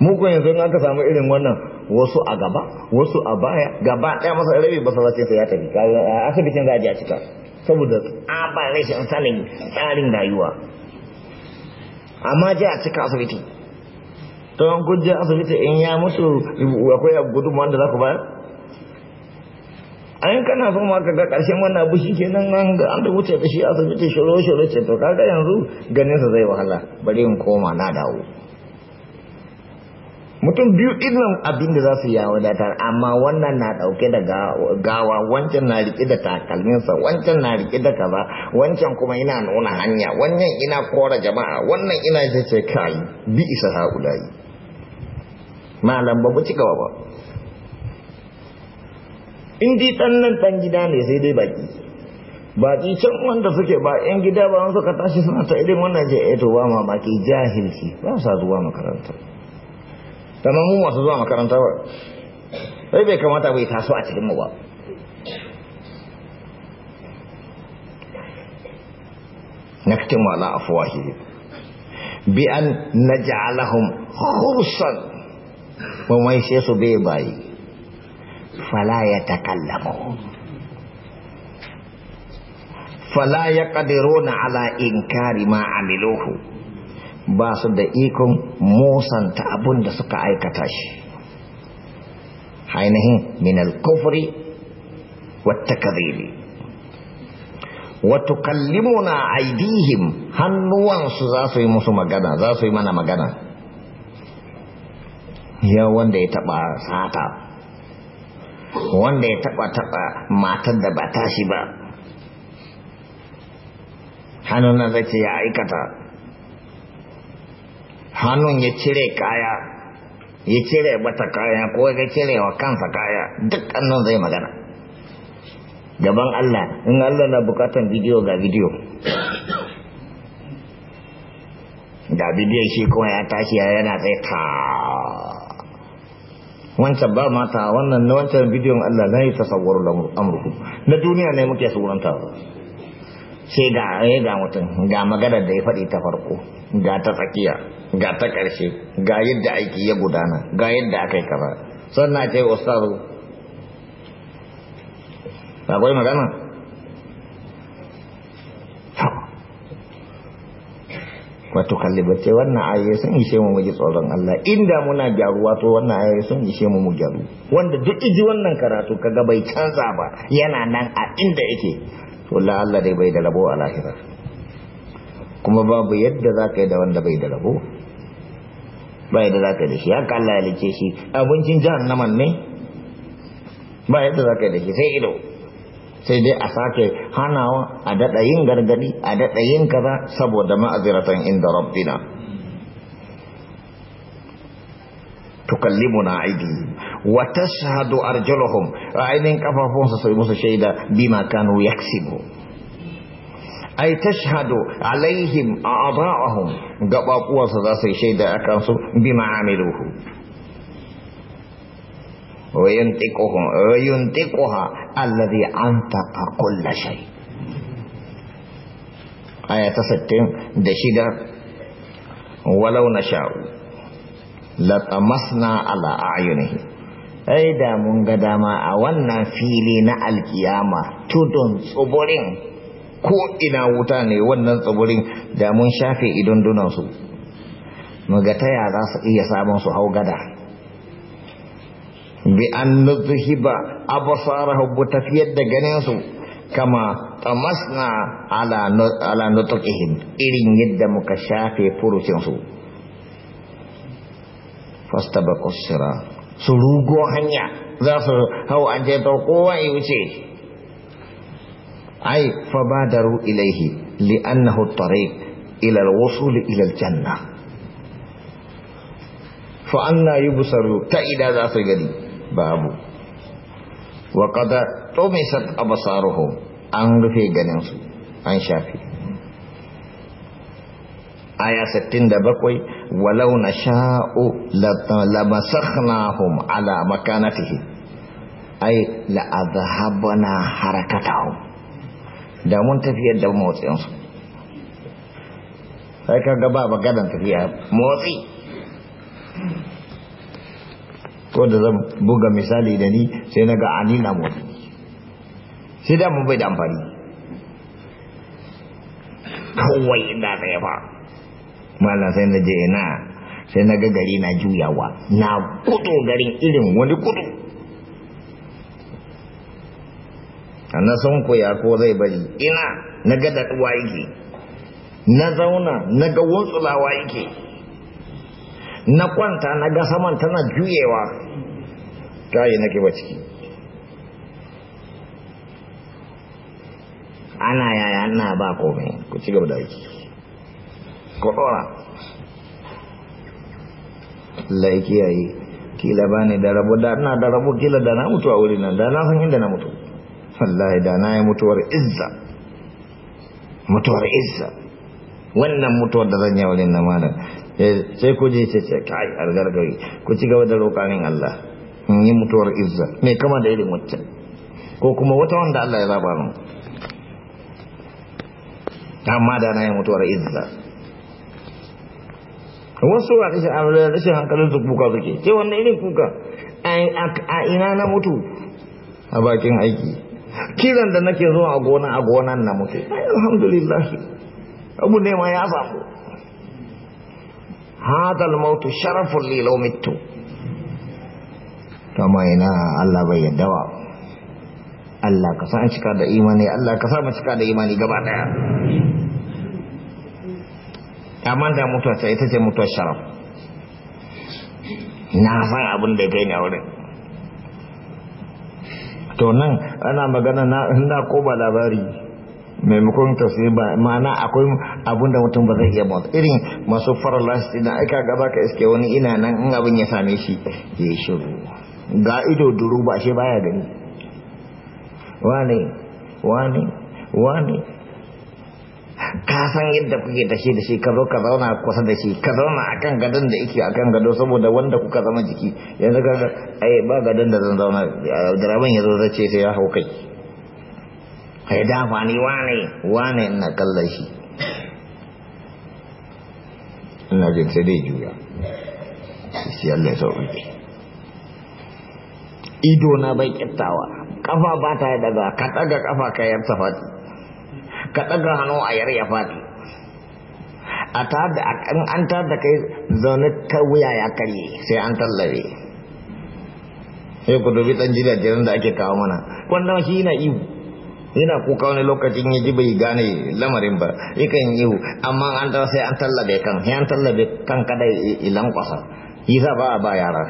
mu ko yanzu an ka samu irin wannan wasu a gaba wasu a baya gaba ɗaya masa rabi ba sa zace sai ya tafi asibitin za a je a cika saboda tsabar rashin sanin tsarin rayuwa amma je a cika asibiti to an kun je asibiti in ya mutu akwai gudun wanda za ku bayar an kana so ma ka ga ƙarshen wannan abu shi kenan an ga an da wuce da shi asibiti shiro shiro ce to kaga yanzu ganin sa zai wahala bari in koma na dawo mutum biyu idan abin da za su yi wadatar amma wannan na dauke da gawa wancan na riƙe da takalminsa wancan na riƙe da kaza wancan kuma ina nuna hanya wannan ina kora jama'a wannan ina ce kai bi isa ha'ulai malam ba ci gaba ba in dai nan dan gida ne sai dai baki baki can wanda suke ba yan gida ba wanda suka tashi suna ta irin wannan ce eh to ba baki jahilci ba sa zuwa makaranta tamam mu masu zuwa makaranta ba sai bai kamata bai taso a cikin mu ba naktimu ala afwahihim bi an naj'alahum khursan mu mai sai su bai fala ya takallamu fala ya qadiruna ala inkari ma amiluhu ba su da ikon musanta abun da suka aikata shi ainihin min al-kufri wat-takdhib wata kallimuna aidihim hannuwansu za su yi musu magana zasu yi mana magana ya wanda ya taɓa sata wanda ya taba taba matar da ba ta shi ba hannun nan zai ce ya aikata hannun ya cire kaya ya cire bata kaya ko ya cire wa kansa kaya duk nan zai magana gaban Allah in Allah na bukatan bidiyo ga bidiyo ga bidiyo shi kuma ya tashi yana zai taa wancan ba mata wannan na wancan bidiyon Allah na yi tasawar amurku na duniya ne muke suranta sai ga ya eh, ga mutum ga magana da ya faɗi ta farko ga ta tsakiya ga ta ƙarshe ga yadda aiki ya gudana ga yadda aka yi kafa sannan ce ustazu akwai magana wato ce wannan ayoyi sun ishe mu muji tsoron Allah inda muna gyaru wato wannan ayoyi sun ishe mu mu gyaru wanda duk iji wannan karatu kaga bai canza ba yana nan a inda yake to la Allah dai bai da rabo a lahira kuma babu yadda za ka yi da wanda bai da rabo ba yadda za ka yi da shi haka Allah ya lice shi abincin jahannaman ne ba yadda za ka yi da shi sai ido sai dai a sake hanawa a daɗa yin gargadi a daɗa yin kaza saboda ma'aziratan inda rabbina tukallimuna aidi wa tashhadu arjuluhum ainin kafafunsa sai musu shaida bima kanu yaksibu ai tashhadu alaihim a'dha'uhum gabakuwarsa za su shaida akan su bima amiluhu وينطقهم وينطقها الذي أنطق كل شيء آية ستين دشيدة ولو نشاء لطمسنا على أعينه ai da mun ga dama a wannan fili na alkiyama tudun tsibirin ko ina wuta ne wannan tsibirin da mun shafe idon dunansu mu ga ta su iya samun su hau gada bi an nuzhiba absarahum tafiyar da ganin su kama tamasna ala ala nutuqihim irin yadda muka shafe furucin su fastabaqu sira su rugo hanya za su hau an je to kowa ya wuce ai fa badaru ilaihi li annahu tariq ila al-wusul ila al-janna fa anna yubsaru ta ida za su gani babu wa qada tumisat absaruhum an rufe ganin su an shafi aya 67 walau nasha'u lamasakhnahum ala makanatihi ay la adhhabna harakatahum da mun tafiyar da motsin su sai kaga ba gadan tafiya motsi ko da zan buga misali da ni sai na ga ani na sai da mun bai da amfani kawai ina tsaye ba mala sai na je ina sai na ga gari na juyawa na kudu garin irin wani kudu na san koya ko zai bari ina na ga daɗuwa yake na zauna na ga wuntsulawa yake na kwanta na ga saman tana juyewa yi na ba ciki ana yaya na ba komai ku ci gaba da aiki ku ɗora laiki yi kila ba ne da rabu da na da rabu kila da na mutu a wuri nan da na san inda na mutu wallahi da na yi mutuwar izza mutuwar izza wannan mutuwar da zan yi wurin na malam Eh, sai ku je ce kai argargari ku ci gaba da roƙanin Allah in yi mutuwar izza mai kama da irin waccan ko kuma wata wanda Allah ya zaba mu amma da na yi mutuwar izza wasu a kashe amurda rashin hankalin su kuka suke ce wannan irin kuka a ina na mutu a bakin aiki kiran da nake zuwa a gona a gonan na mutu alhamdulillah abu ne ma ya samu هذا الموت شرف lilau لو مت ina Allah bai yadda الدواء Allah ka san دا imani Allah ka دا imani gaba daya amma da ita ce mutuwar sharaf na da to nan ana magana na koma labari maimakon ta sai ba ma'ana akwai abinda da mutum ba zai iya motsa irin masu fara lasti na aika gaba ka iske wani ina nan in abin ya same shi ya yi shiru ga ido duru ba shi baya gani wane wane wane ka san yadda kuke da shi da shi ka zo ka zauna kusa da shi ka zauna akan gadon da yake akan gado saboda wanda kuka zama jiki yanzu ka ai ba gadon da zan zauna da ya zo zace sai ya hau kai sai dama ni wane wane ina kallon shi ina jin sai dai juya shi Allah ya sauƙi ido na bai kittawa kafa ba ta daga ka daga kafa ka yarta fadi ka daga hannu a yar ya fadi a ta da an ta da kai zaune ta wuya ya karye sai an tallare sai ku dubi dan jiran da ake kawo mana wannan shi na ihu ina kuka wani lokacin ya ji bai gane lamarin ba ikan yi amma an ta sai an tallabe kan sai an tallabe kan kada ilan kwasa za ba a ba yara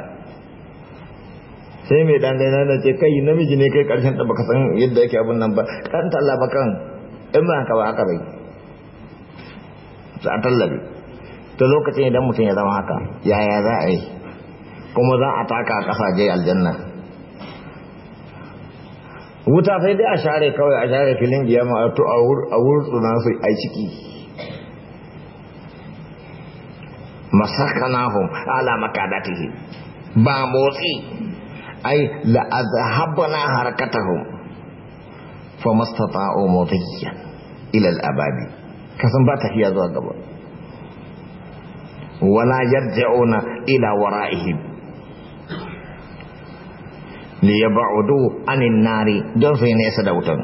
sai mai dan dai na ce kai namiji ne kai karshen taba baka san yadda yake abun nan ba kan tallaba kan in ba haka ba haka bai za a tallabe to lokacin idan mutum ya zama haka yaya za a yi kuma za a taka kasaje aljanna wuta sai dai a share kawai a share filin giyama a to a na su a ciki masakanahum ala makadatihim ba motsi ai la azhabna harakatahum fa mastata'u mudhiyan ila al kasan ba tafiya zuwa gaba wala yarji'una ila wara'ihim li yab'udu anin nari don su nesa da wutan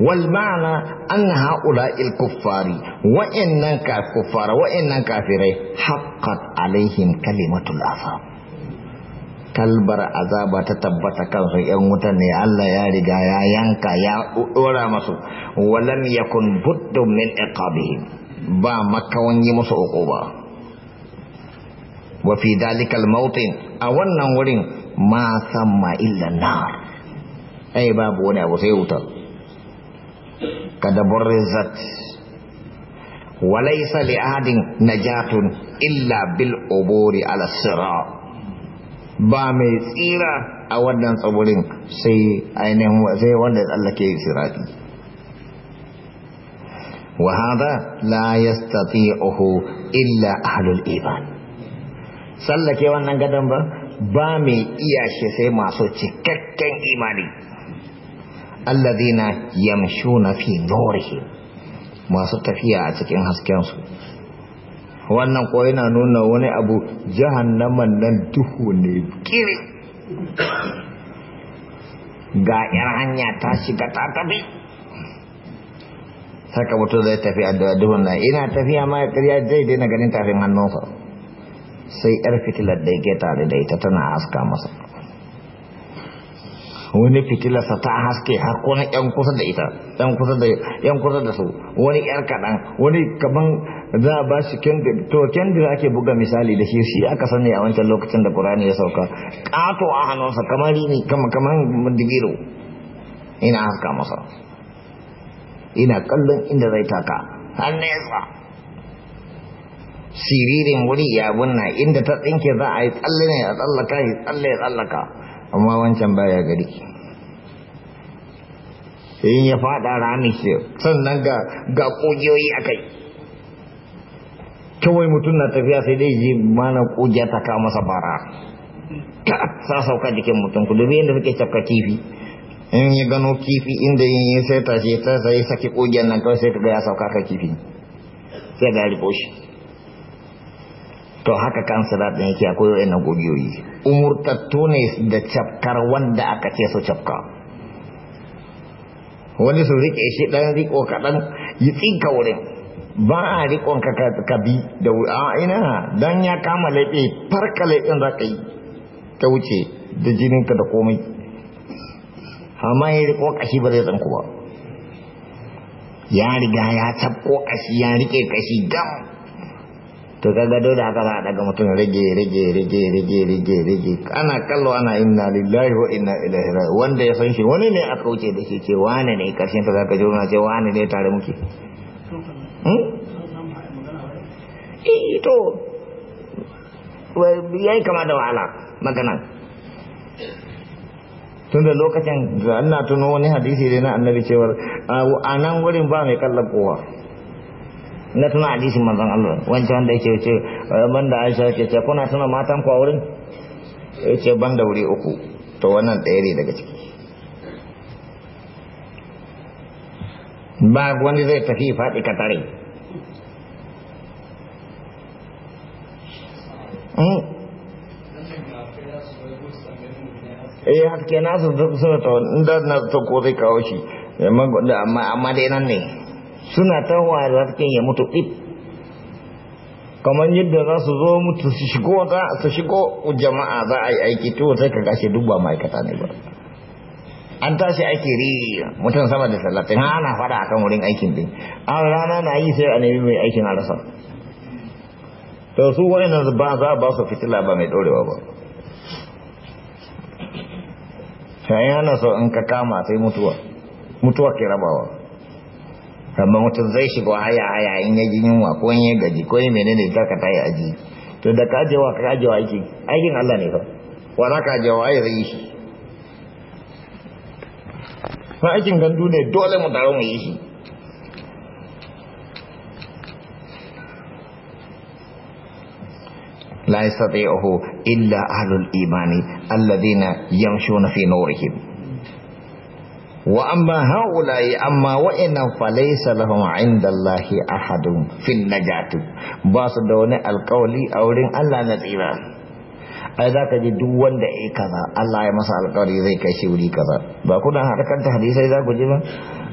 wal ma'ana an haula il kuffari wa innan ka kuffara wa innan kafirai haqqat alaihim kalimatul azab kalbar azaba ta tabbata kansu yan wutan ne Allah ya riga ya yanka ya dora masu walam yakun buddu min iqabihim ba makawan yi musu uquba wa fi dalikal mawtin a wannan wurin ma samma illa nar ai babu wani abu sai wuta kada burrizat walaysa li ahadin najatun illa bil uburi ala sirat ba mai tsira a wannan tsaburin sai ainihin sai wanda ya tsallake sirati wa hada la yastati'uhu illa ahlul iman sallake wannan gadan ba ba mai iya shi sai masu cikakken imani allazina na fi nurihim masu tafiya a cikin haskensu wannan ko yana nuna wani abu jahannaman nan duhu ne kiri ga yar hanya ta shiga ta tafi saka mutum zai tafi a duhun na ina tafiya ma ya zai daina ganin tafin hannunsa sai yar fitilar da yake tare da ita tana haska masa wani fitilarsa ta haske har kuna yan kusa da ita yan kusa da yan kusa da su wani yar kaɗan wani kaman za a ba shi kendir to kendir ake buga misali da shi shi aka sani a wancan lokacin da ƙurani ya sauka ƙato a hannunsa kamar rini kama kaman digiro ina haska masa ina kallon inda zai taka har nesa siririn wuri ya bunna inda ta tsinke za a yi tsalle ne a tsallaka shi tsalle ya tsallaka amma wancan baya gari in ya fada rami shi sannan ga ga kogiyoyi a kai kawai mutum na tafiya sai dai ji mana kogiya ta kawo masa bara sa sauka jikin mutum ku dubi yadda suke cakka kifi in ya gano kifi inda yin yi sai tashi ta sai saki kogiyan nan kawai sai ka ga ya sauka ka kifi sai ga riko shi to haka kan salat din yake akwai wayannan gogiyoyi umurtattu ne da cafkar wanda aka ce su cafka wani su rike shi dan riko kadan yi tsinka wurin ba a rikon ka ka bi da a ina dan ya kama laifi farka laifin za ka yi ta wuce da jininka da komai amma ya riko kashi ba zai tsanku ba ya riga ya tabko kashi ya rike kashi gam to kaga dole haka za a daga mutum rage rage rage rage rage rage ana kallo ana inna lillahi wa inna ilaihi raji'un wanda ya san shi wani ne aka wuce da shi ce wane ne karshen ta zaka jona ce wane ne tare muke hmm? eh to yayi kama da wahala magana tun da lokacin da Allah tuno wani hadisi ne na annabi cewar a nan wurin ba mai kallon kowa na tuna hadisin manzon Allah wancan wanda yake ce man da Aisha yake ce kuna tuna matan ku a wurin yace ban da wuri uku to wannan ɗaya ne daga ciki ba wani zai tafi faɗi ka tare eh haske nasu duk suna ta wanda nasu ta ko zai kawo shi amma dai nan ne suna ta wararkin ya mutu ɗif kamar yadda za su zo mutu su shigo za su shigo jama'a za a yi aiki to sai ka gashi duk ba ma'aikata ne ba an tashi aiki ri mutum sama da na ana fada kan wurin aikin din an rana na yi sai a nemi mai aikin a rasa to su wa'annan ba za ba su fitila ba mai dorewa ba sai yana so in ka kama sai mutuwa mutuwa ke rabawa amma mutum zai shiga haya haya in ya ji yunwa ko in ya gaji ko in menene za ka tayi aji to da ka jewa ka jewa aiki aikin Allah ne fa wa za ka jewa ya zai shi fa aikin gandu ne dole mu taro mu yi shi la yastati'uhu illa ahlul imani alladhina yamshuna fi nurihim wa amma haula'i amma wa'annan falaysa lahum 'indallahi ahadun fin najatu ba su da wani alƙawli a wurin Allah na tsira ai zaka ji duk wanda yayi kaza Allah ya masa alƙawli zai kai shi wuri kaza ba kuna harkar ta hadisai za ku ji ba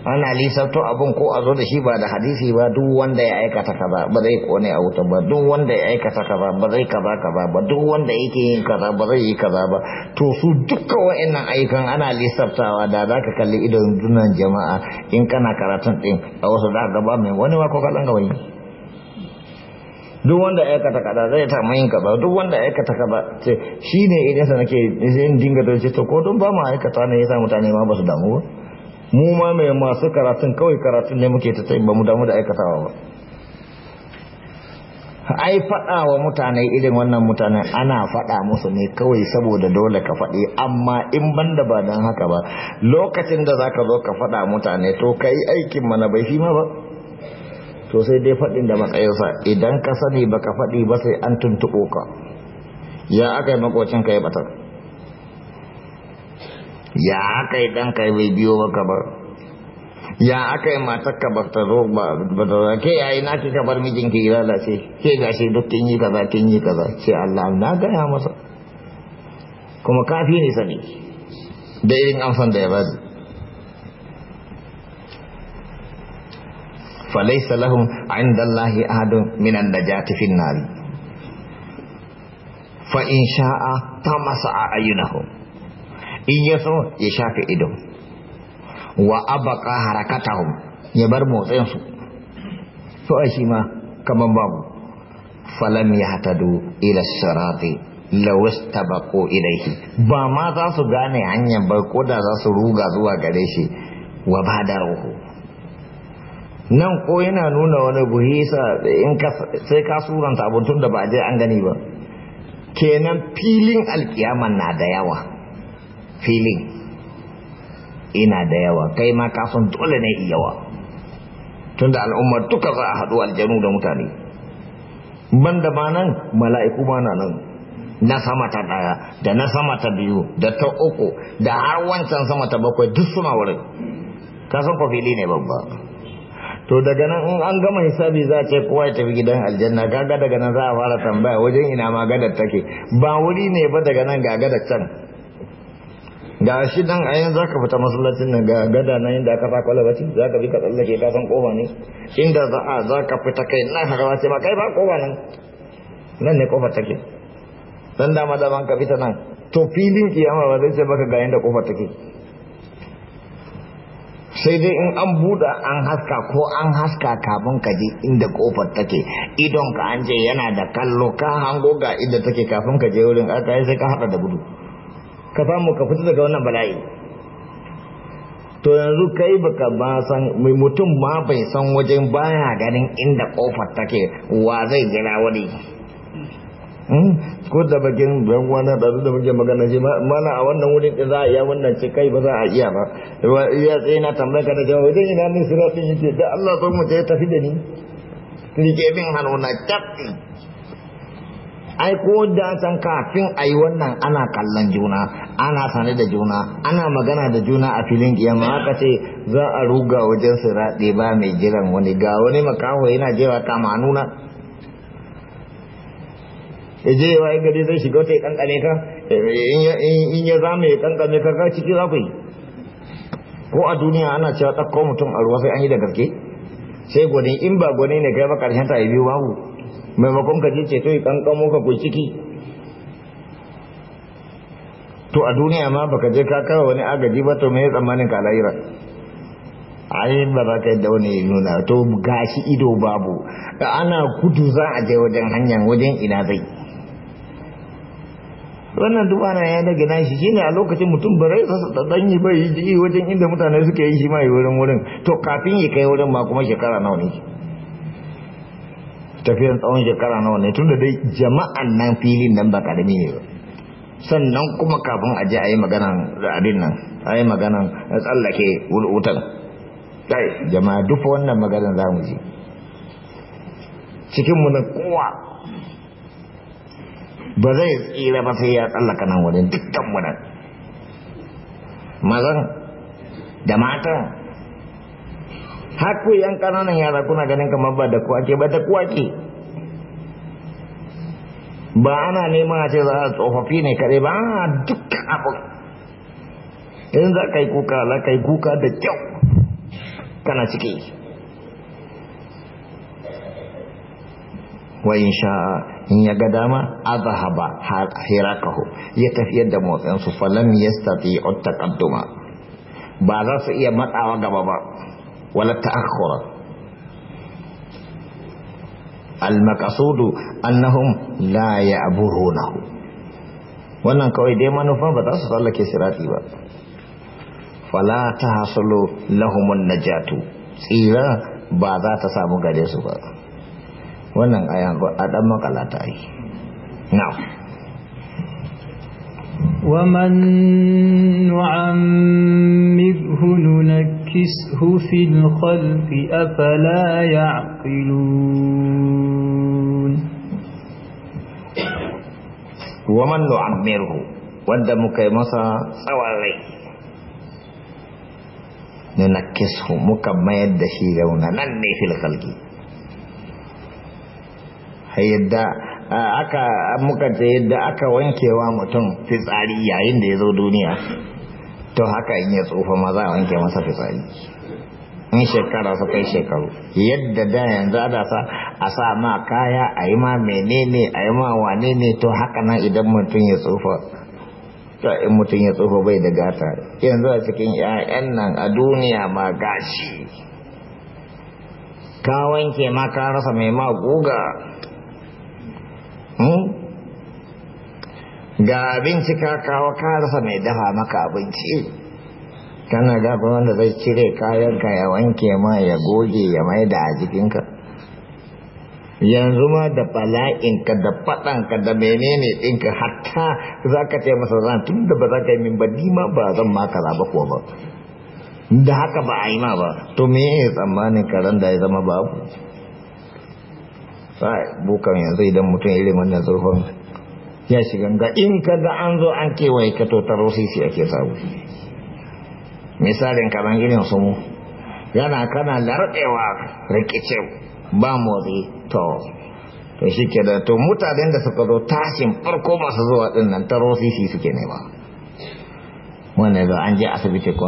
ana lisafto abun ko a zo da shi ba da hadisi ba duk wanda ya aikata kaza ba zai kone a wuta ba duk wanda ya aikata kaza ba zai kaza kaza ba duk wanda yake yin kaza ba zai yi kaza ba to su dukkan wa'annan ayyukan ana lisaftawa da za ka kalli idon dunan jama'a in kana karatun din a wasu za gaba mai wani ma ko kaɗan ga wani. duk wanda ya aikata kaza zai ta mayin kaza duk wanda ya aikata kaza ce shine idan sa nake zai dinga da to ko don ba mu aikata ne yasa mutane ma ba su damu ba mu ma mai masu karatun kawai karatun ne muke ta ba mu damu da aikatawa ba ai faɗa wa mutane irin wannan mutane ana faɗa musu ne kawai saboda dole ka faɗi amma in banda ba don haka ba lokacin da za ka zo ka faɗa mutane to ka yi aikin mana bai fi ma ba to sai dai faɗin da matsayinsa idan ka sani ba ka faɗi ba sai an tuntuɓo ka ya aka yi makocin ka ya batar ya aka yi ɗanka bai biyo maka ba ya aka yi matakka ba ta zo ba ta ke yayi na ki kabar mijinki ki ce ke shi duk kin yi kaza kin yi kaza ce Allah na gaya masa kuma kafi ne sani da irin amsan da ya bada minan da عند الله nari. Fa in sha'a ta masa a طمس أعينهم in ya ya shafe ido wa abaka harakatahum ya bar motsinsu to a shi ma kaman babu falam ya hatadu ila sirati lawis tabako ilaihi ba ma za su gane hanyar ba ko da za su ruga zuwa gare shi wa badaruhu nan ko yana nuna wani buhisa in ka sai ka suranta abun tun da ba je an gani ba kenan filin alkiyama na da yawa feeling ina da yawa kai ma kasan dole ne yawa tunda al'ummar duka za a haɗu aljanu da mutane da ba nan mala'iku ba na nan na sama ta ɗaya da na sama ta biyu da ta uku da har wancan sama ta bakwai duk suna wurin kasan ko fili ne babba to daga nan in an gama hisabi za ce kowa ya tafi gidan aljanna gaga daga nan za a fara tambaya wajen ina ma gadar take ba wuri ne ba daga nan ga gadar can ga shi nan a yanzu zaka fita masallacin nan ga gada nan inda aka sako labaci zaka bi ka tsallake ka san kofa ne inda za a zaka fita kai na harawa ce ba kai ba kofa nan nan ne kofa take dan dama ban ka fita nan to filin kiyama ba zai ce baka ga inda kofa take sai dai in an buɗe an haska ko an haska kafin ka je inda kofar take idon ka an je yana da kallo ka hango ga inda take kafin ka je wurin aka sai ka hada da gudu ka samu ka fita daga wannan bala'i to yanzu kai baka ba san mai mutum ma bai san wajen baya ganin inda kofar take wa zai gina wani hmm? ko da bakin ban wani ɗazu da muke magana shi mana a wannan wurin da za a iya wannan ce kai ba za a iya ba iya tsaye na tambaya ka da jawo wajen ina ne sirafin yake da Allah son mu ya tafi da ni rike min hannu na cafi ai ko da san kafin a yi wannan ana kallon juna ana sane da juna ana magana da juna a filin kiyama haka ce za a ruga wajen siraɗe ba mai jiran wani ga wani makaho yana jewa kama nuna e je wa in gari zai shiga ta ya kankane ka in ya zama ya kankane ka ka ciki za ku yi ko a duniya ana cewa tsakko mutum a ruwa sai an yi da gaske sai gwani in ba gwani ne kai ba ƙarshen ta ya biyu babu maimakon ka je ceto ya kankan ka ku ciki to a duniya ma baka je ka kawo wani agaji ba to me ya tsammanin ka lahira ai ba za ka yadda wani nuna to gashi ido babu Da ana kudu za a je wajen hanyar wajen ina zai wannan duk ana ya daga shi shine a lokacin mutum ba rai sa da danyi ba yi wajen inda mutane suke yi shi ma yi wurin wurin to kafin ya kai wurin ma kuma shekara nawa ne tafiyan tsawon shekara nawa ne tunda dai jama'an nan filin nan ba karami ne ba sannan kuma kafin a je a yi maganan abin nan a yi maganan tsallake wul'utan jama'a duk wannan maganan za mu ji cikinmu na kowa ba zai tsira ba sai ya tsallaka nan wurin dukkan mu nan mazan da matan haku yan kananan yara kuna ganin kamar ba da kuwa ke ba da kuwa ke ba ana neman a ce za a tsofaffi ne kare ba a dukkan abu in za ka yi kuka za ka yi kuka da kyau kana ciki wayin sha'a in ya ga dama a azhaba hirakahu ya tafiyar da motsin su ya stafi otta taqadduma ba za su iya matsawa gaba ba wala ta'akhkhura almakasudu annahum la ya'burunahu wannan kawai dai manufa ba za su tsallake sirati ba fala ta hasulu lahumun najatu tsira ba za ta samu gare su ba wannan ayan a dan makalata yi na'am ومن نعمره ننكسه في الخلق أفلا يعقلون wa man nu'ammirhu wanda muka yi masa tsawon rai kisu muka mayar da shi rauna nan ne fil yadda aka muka ce yadda aka wankewa mutum fitsari yayin da ya zo duniya to haka in ya tsufa ma za a wanke masa fitsari in shekara su kai shekaru yadda da yanzu a dasa a sa ma kaya a yi ma menene a yi ma wane ne to haka nan idan mutum ya tsufa to in mutum ya tsufa bai da gata yanzu a cikin 'ya'yan nan a duniya ma gashi ka wanke ma ka rasa mai ma guga hmm? ga abinci ka kawo ka rasa mai dafa maka abinci kana ga wanda zai cire kayanka ya wanke ma ya goge ya mai da a jikinka yanzu ma da bala'inka da faɗanka da menene ɗinka hatta za ka ce masa zan tun da ba za ka yi min ba ma ba zan ma kaza ko ba da haka ba a yi ma ba to me ya tsammanin karen da ya zama babu bukan yanzu idan mutum ya irin da zurfin ya shiga in ka ga an zo an kewaye ka to taro sisi ake samu misalin kamar irin su mu yana kana larɗewa rikice ba motsi to to shi ke da to mutanen da suka zo tashin farko masu zuwa ɗin nan ta rosisi suke ne ba wannan da an je asibiti ko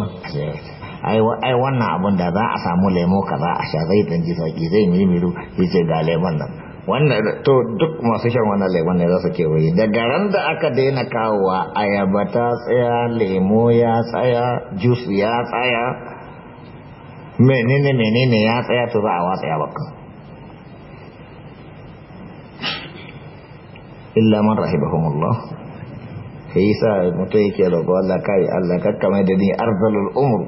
ai wannan abun da za a samu lemo kaza a sha zai ɗan ji sauki zai mimiru ya ce ga lemon nan wannan to duk masu shan wannan lemon ne za su kewaye daga ran da aka daina kawowa ayaba ta tsaya lemo ya tsaya jus ya tsaya menene menene ya tsaya to za a watsa ya baka illa man rahimahumullah sai yasa mutai yake roƙo Allah kai Allah kakka mai da ni arzalul umr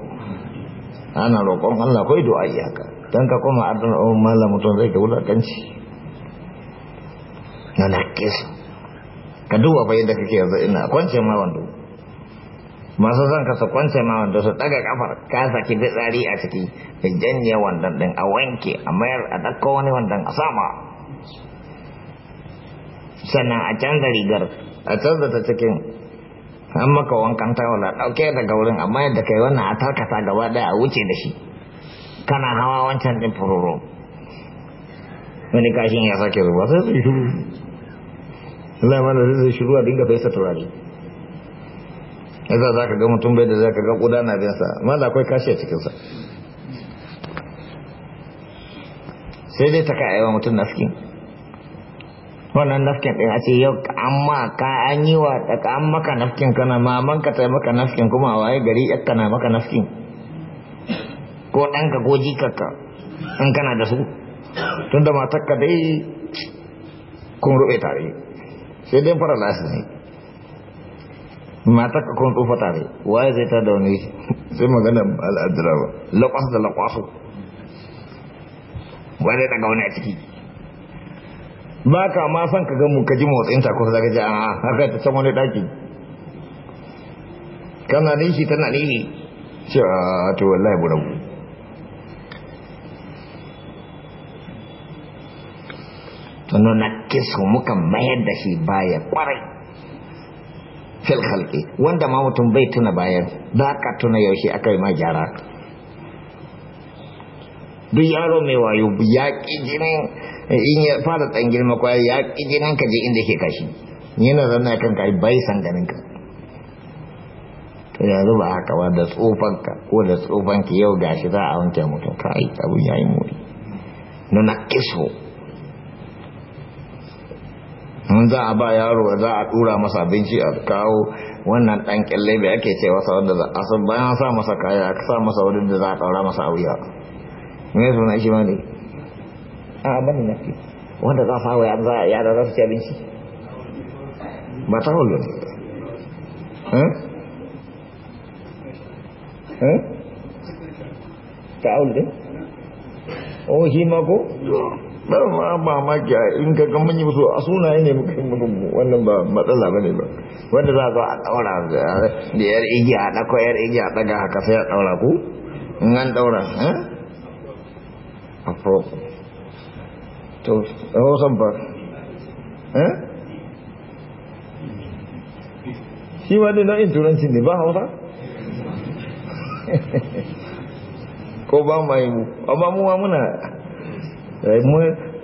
ana roƙon Allah kai du'a iyaka dan ka koma arzalul umur mallam mutum zai ga wulakanci na naƙis ka duba bayan da kake yanzu ina kwance ma wando masu zan ka kwance ma wando su daga kafar ka saki fitsari a ciki da janye wandon din a wanke a mayar a dakko wani wandon a sama sannan a canza rigar a canza ta cikin an maka wankan ta wala dauke da gaurin amma yadda kai wannan a tarkata gaba daya a wuce da shi kana hawa wancan din fururu wani kashin ya sake zuba sai su yi Allah mana zai shiru a dinga fesa turare yadda za ka ga mutum bai da za ka ga ƙuda na biyansa mala akwai kashi a cikinsa sai dai ta ka aiwa mutum nafkin wannan nafkin ɗin a ce yau amma ka an yi wa daga an maka nafkin kana maman ka ta maka nafkin kuma a waye gari ya na maka nafkin ko ɗanka ko jikarka in kana da su tunda matakka dai kun ruɓe tare sai dai fara lasu ne mata ka kun tsofa tare waye zai ta da wani sai magana al'adura ba lakwas da lakwasu ba zai daga wani a ciki ba ka ma san ka gamu ka ji motsin ta kusa daga ji a haka ta can wani daki kana nishi tana nishi cewa a to wallahi burabu sannan na kisu muka mayar da shi baya kwarai fil halki wanda ma mutum bai tuna bayan za ka tuna yaushe aka yi ma gyara duk yaro mai wayo ya ƙi jinin in ya fara tsan girma kwaya ya ƙi jinin ka je inda ke kashi yana zanna kan ka bai san ganin ka to yanzu ba haka ba da tsofan ka ko da tsofan ki yau gashi za a wanke mutum kai abun yayi muri nuna kiso in za a ba yaro za a tura masa abinci a kawo wannan dan kyalle bai ake ce wasa wanda za a san bayan sa masa kaya a sa masa wurin da za a ɗaura masa a wuya me ya suna shi mani a abin da ke wanda za a sa wuya za a yara za su ci abinci ba ta hulu ne eh? eh? ta hulu ne oh shi ko ba ma mamaki a in ka kan manyan su a sunaye ne muka wannan ba matsala ba ne ba wanda za a a ɗaura da yar igiya a yar igiya a ɗaga haka sai a ɗaura ku in an ɗaura eh? a fo to a hausan ba eh? shi ma dai nau'in turanci ne ba hausa ko ba ma yi mu amma mu ma muna raimun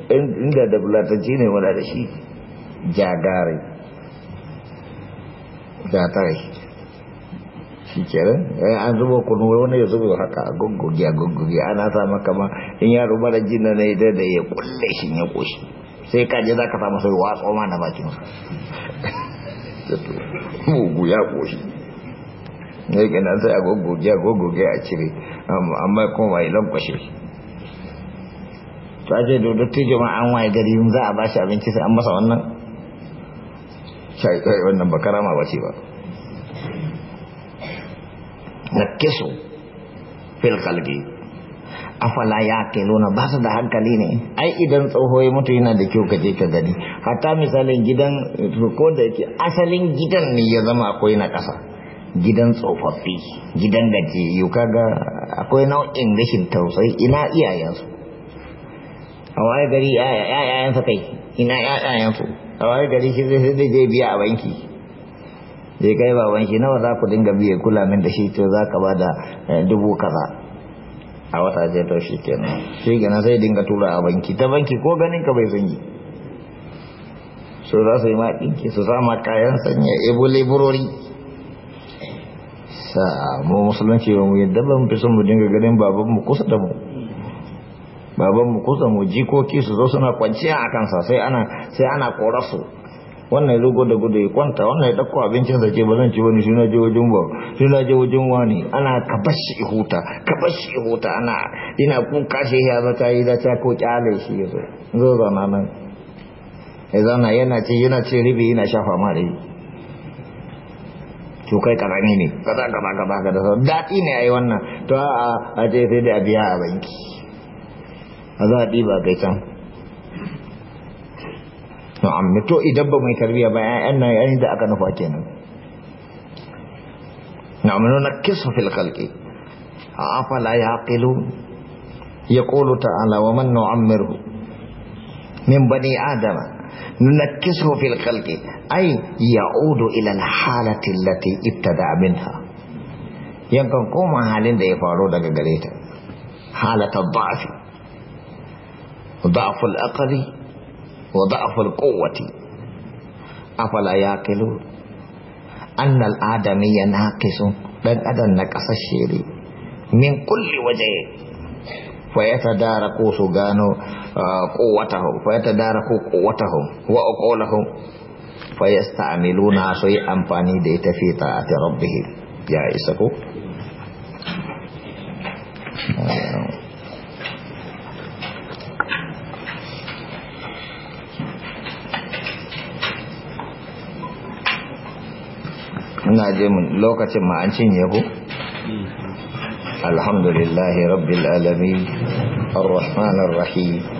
eh, inda da bulatanci ne muna da shi jagare jatare shi kenan eh, an zuba kunu wani ya zuba haka a guggugi a guggugi ana sama kama in ya rubar da jina ne eh, da da ya kulle shi ya koshi sai kaje za ka samu sai watsa ma na bakin mugu ya koshi ne kenan sai a guggugi a guggugi a cire amma kuma mai lankwashe to aje da dattijo jama'a an waye gari za a bashi abinci sai an masa wannan sai kai wannan ba karama ba ce ba nakisu fil qalbi afala ya yaqiluna ba su da hankali ne ai idan tsoho ya mutu yana da kyau kaje ka gani hatta misalin gidan ko da yake asalin gidan ne ya zama akwai na kasa gidan tsofaffi gidan gajiyayyu kaga akwai nau'in rashin tausayi ina iyayensu a waye gari ‘ya'yayensa kai ina ‘ya'yayensu a waye gari shi zai zai je biya a banki zai kai ba banki nawa za ku dinga biya kula min da shi to za ka ba da eh, dubu kaza a wata je to shi kenan shi gana sai dinga tura a banki ta banki ko ganin ka bai sanyi so za su yi ma ɗinki su sama kayan sanya ebo leburori sa mu musulunci ba mu yadda ba mu fi son mu dinga ganin babanmu kusa da mu babanmu kusa mu jikoki su zo suna kwanciya a kansa sai ana sai ana korasu wannan rugo da gudu ya kwanta wannan ya dauko abincin sa ke ba zan ci wani shi na je wajen ba shi na je wajen wani ana ka bashi ihuta ka bashi ihuta ana ina kuka shi ya zo ta yi da ta ko kyale shi ya zo zo zana nan ya zana yana ce yana ce ribi yana shafa ma da yi to kai karami ne kaza kaza kaza kaza daɗi ne a yi wannan to a a ce sai da biya a banki azabi ba a can to amma to idan ba mai tarbiya ba ƴaƴan nan yayin da aka nufa kenan na'am na kisu fil khalqi afala yaqilu yaqulu ta'ala wa man nu'ammiru min bani adama nunakisu fil ننكسه في الخلق أي يعود إلى الحالة التي ابتدع منها يمكن قوم حالين ده يفعلوا ده قليتا halata الضعف ضعف الأقل وضعف القوة أفلا يعقلون أن الآدمي ناقص بل أدى نقص الشيري من كل وجه فيتداركوا سجانو قوتهم فيتداركوا قوتهم وأقولهم فيستعملونها شيء أمفاني ديت في طاعة ربهم يا إسكو muna je mun lokacin ma an cinye ku mm. alhamdulillahi rabbil alamin الرحمن الرحيم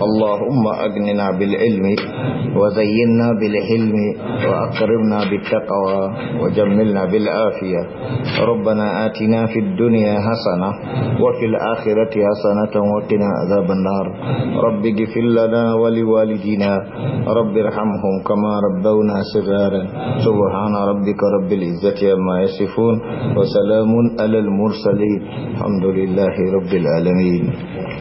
اللهم أجننا بالعلم وزينا بالحلم وأقربنا بالتقوى وجملنا بالآفية ربنا آتنا في الدنيا حسنة وفي الآخرة حسنة وقنا عذاب النار رب اغفر لنا ولوالدينا رب ارحمهم كما ربونا صغارا سبحان ربك رب العزة عما يصفون وسلام على المرسلين الحمد لله رب العالمين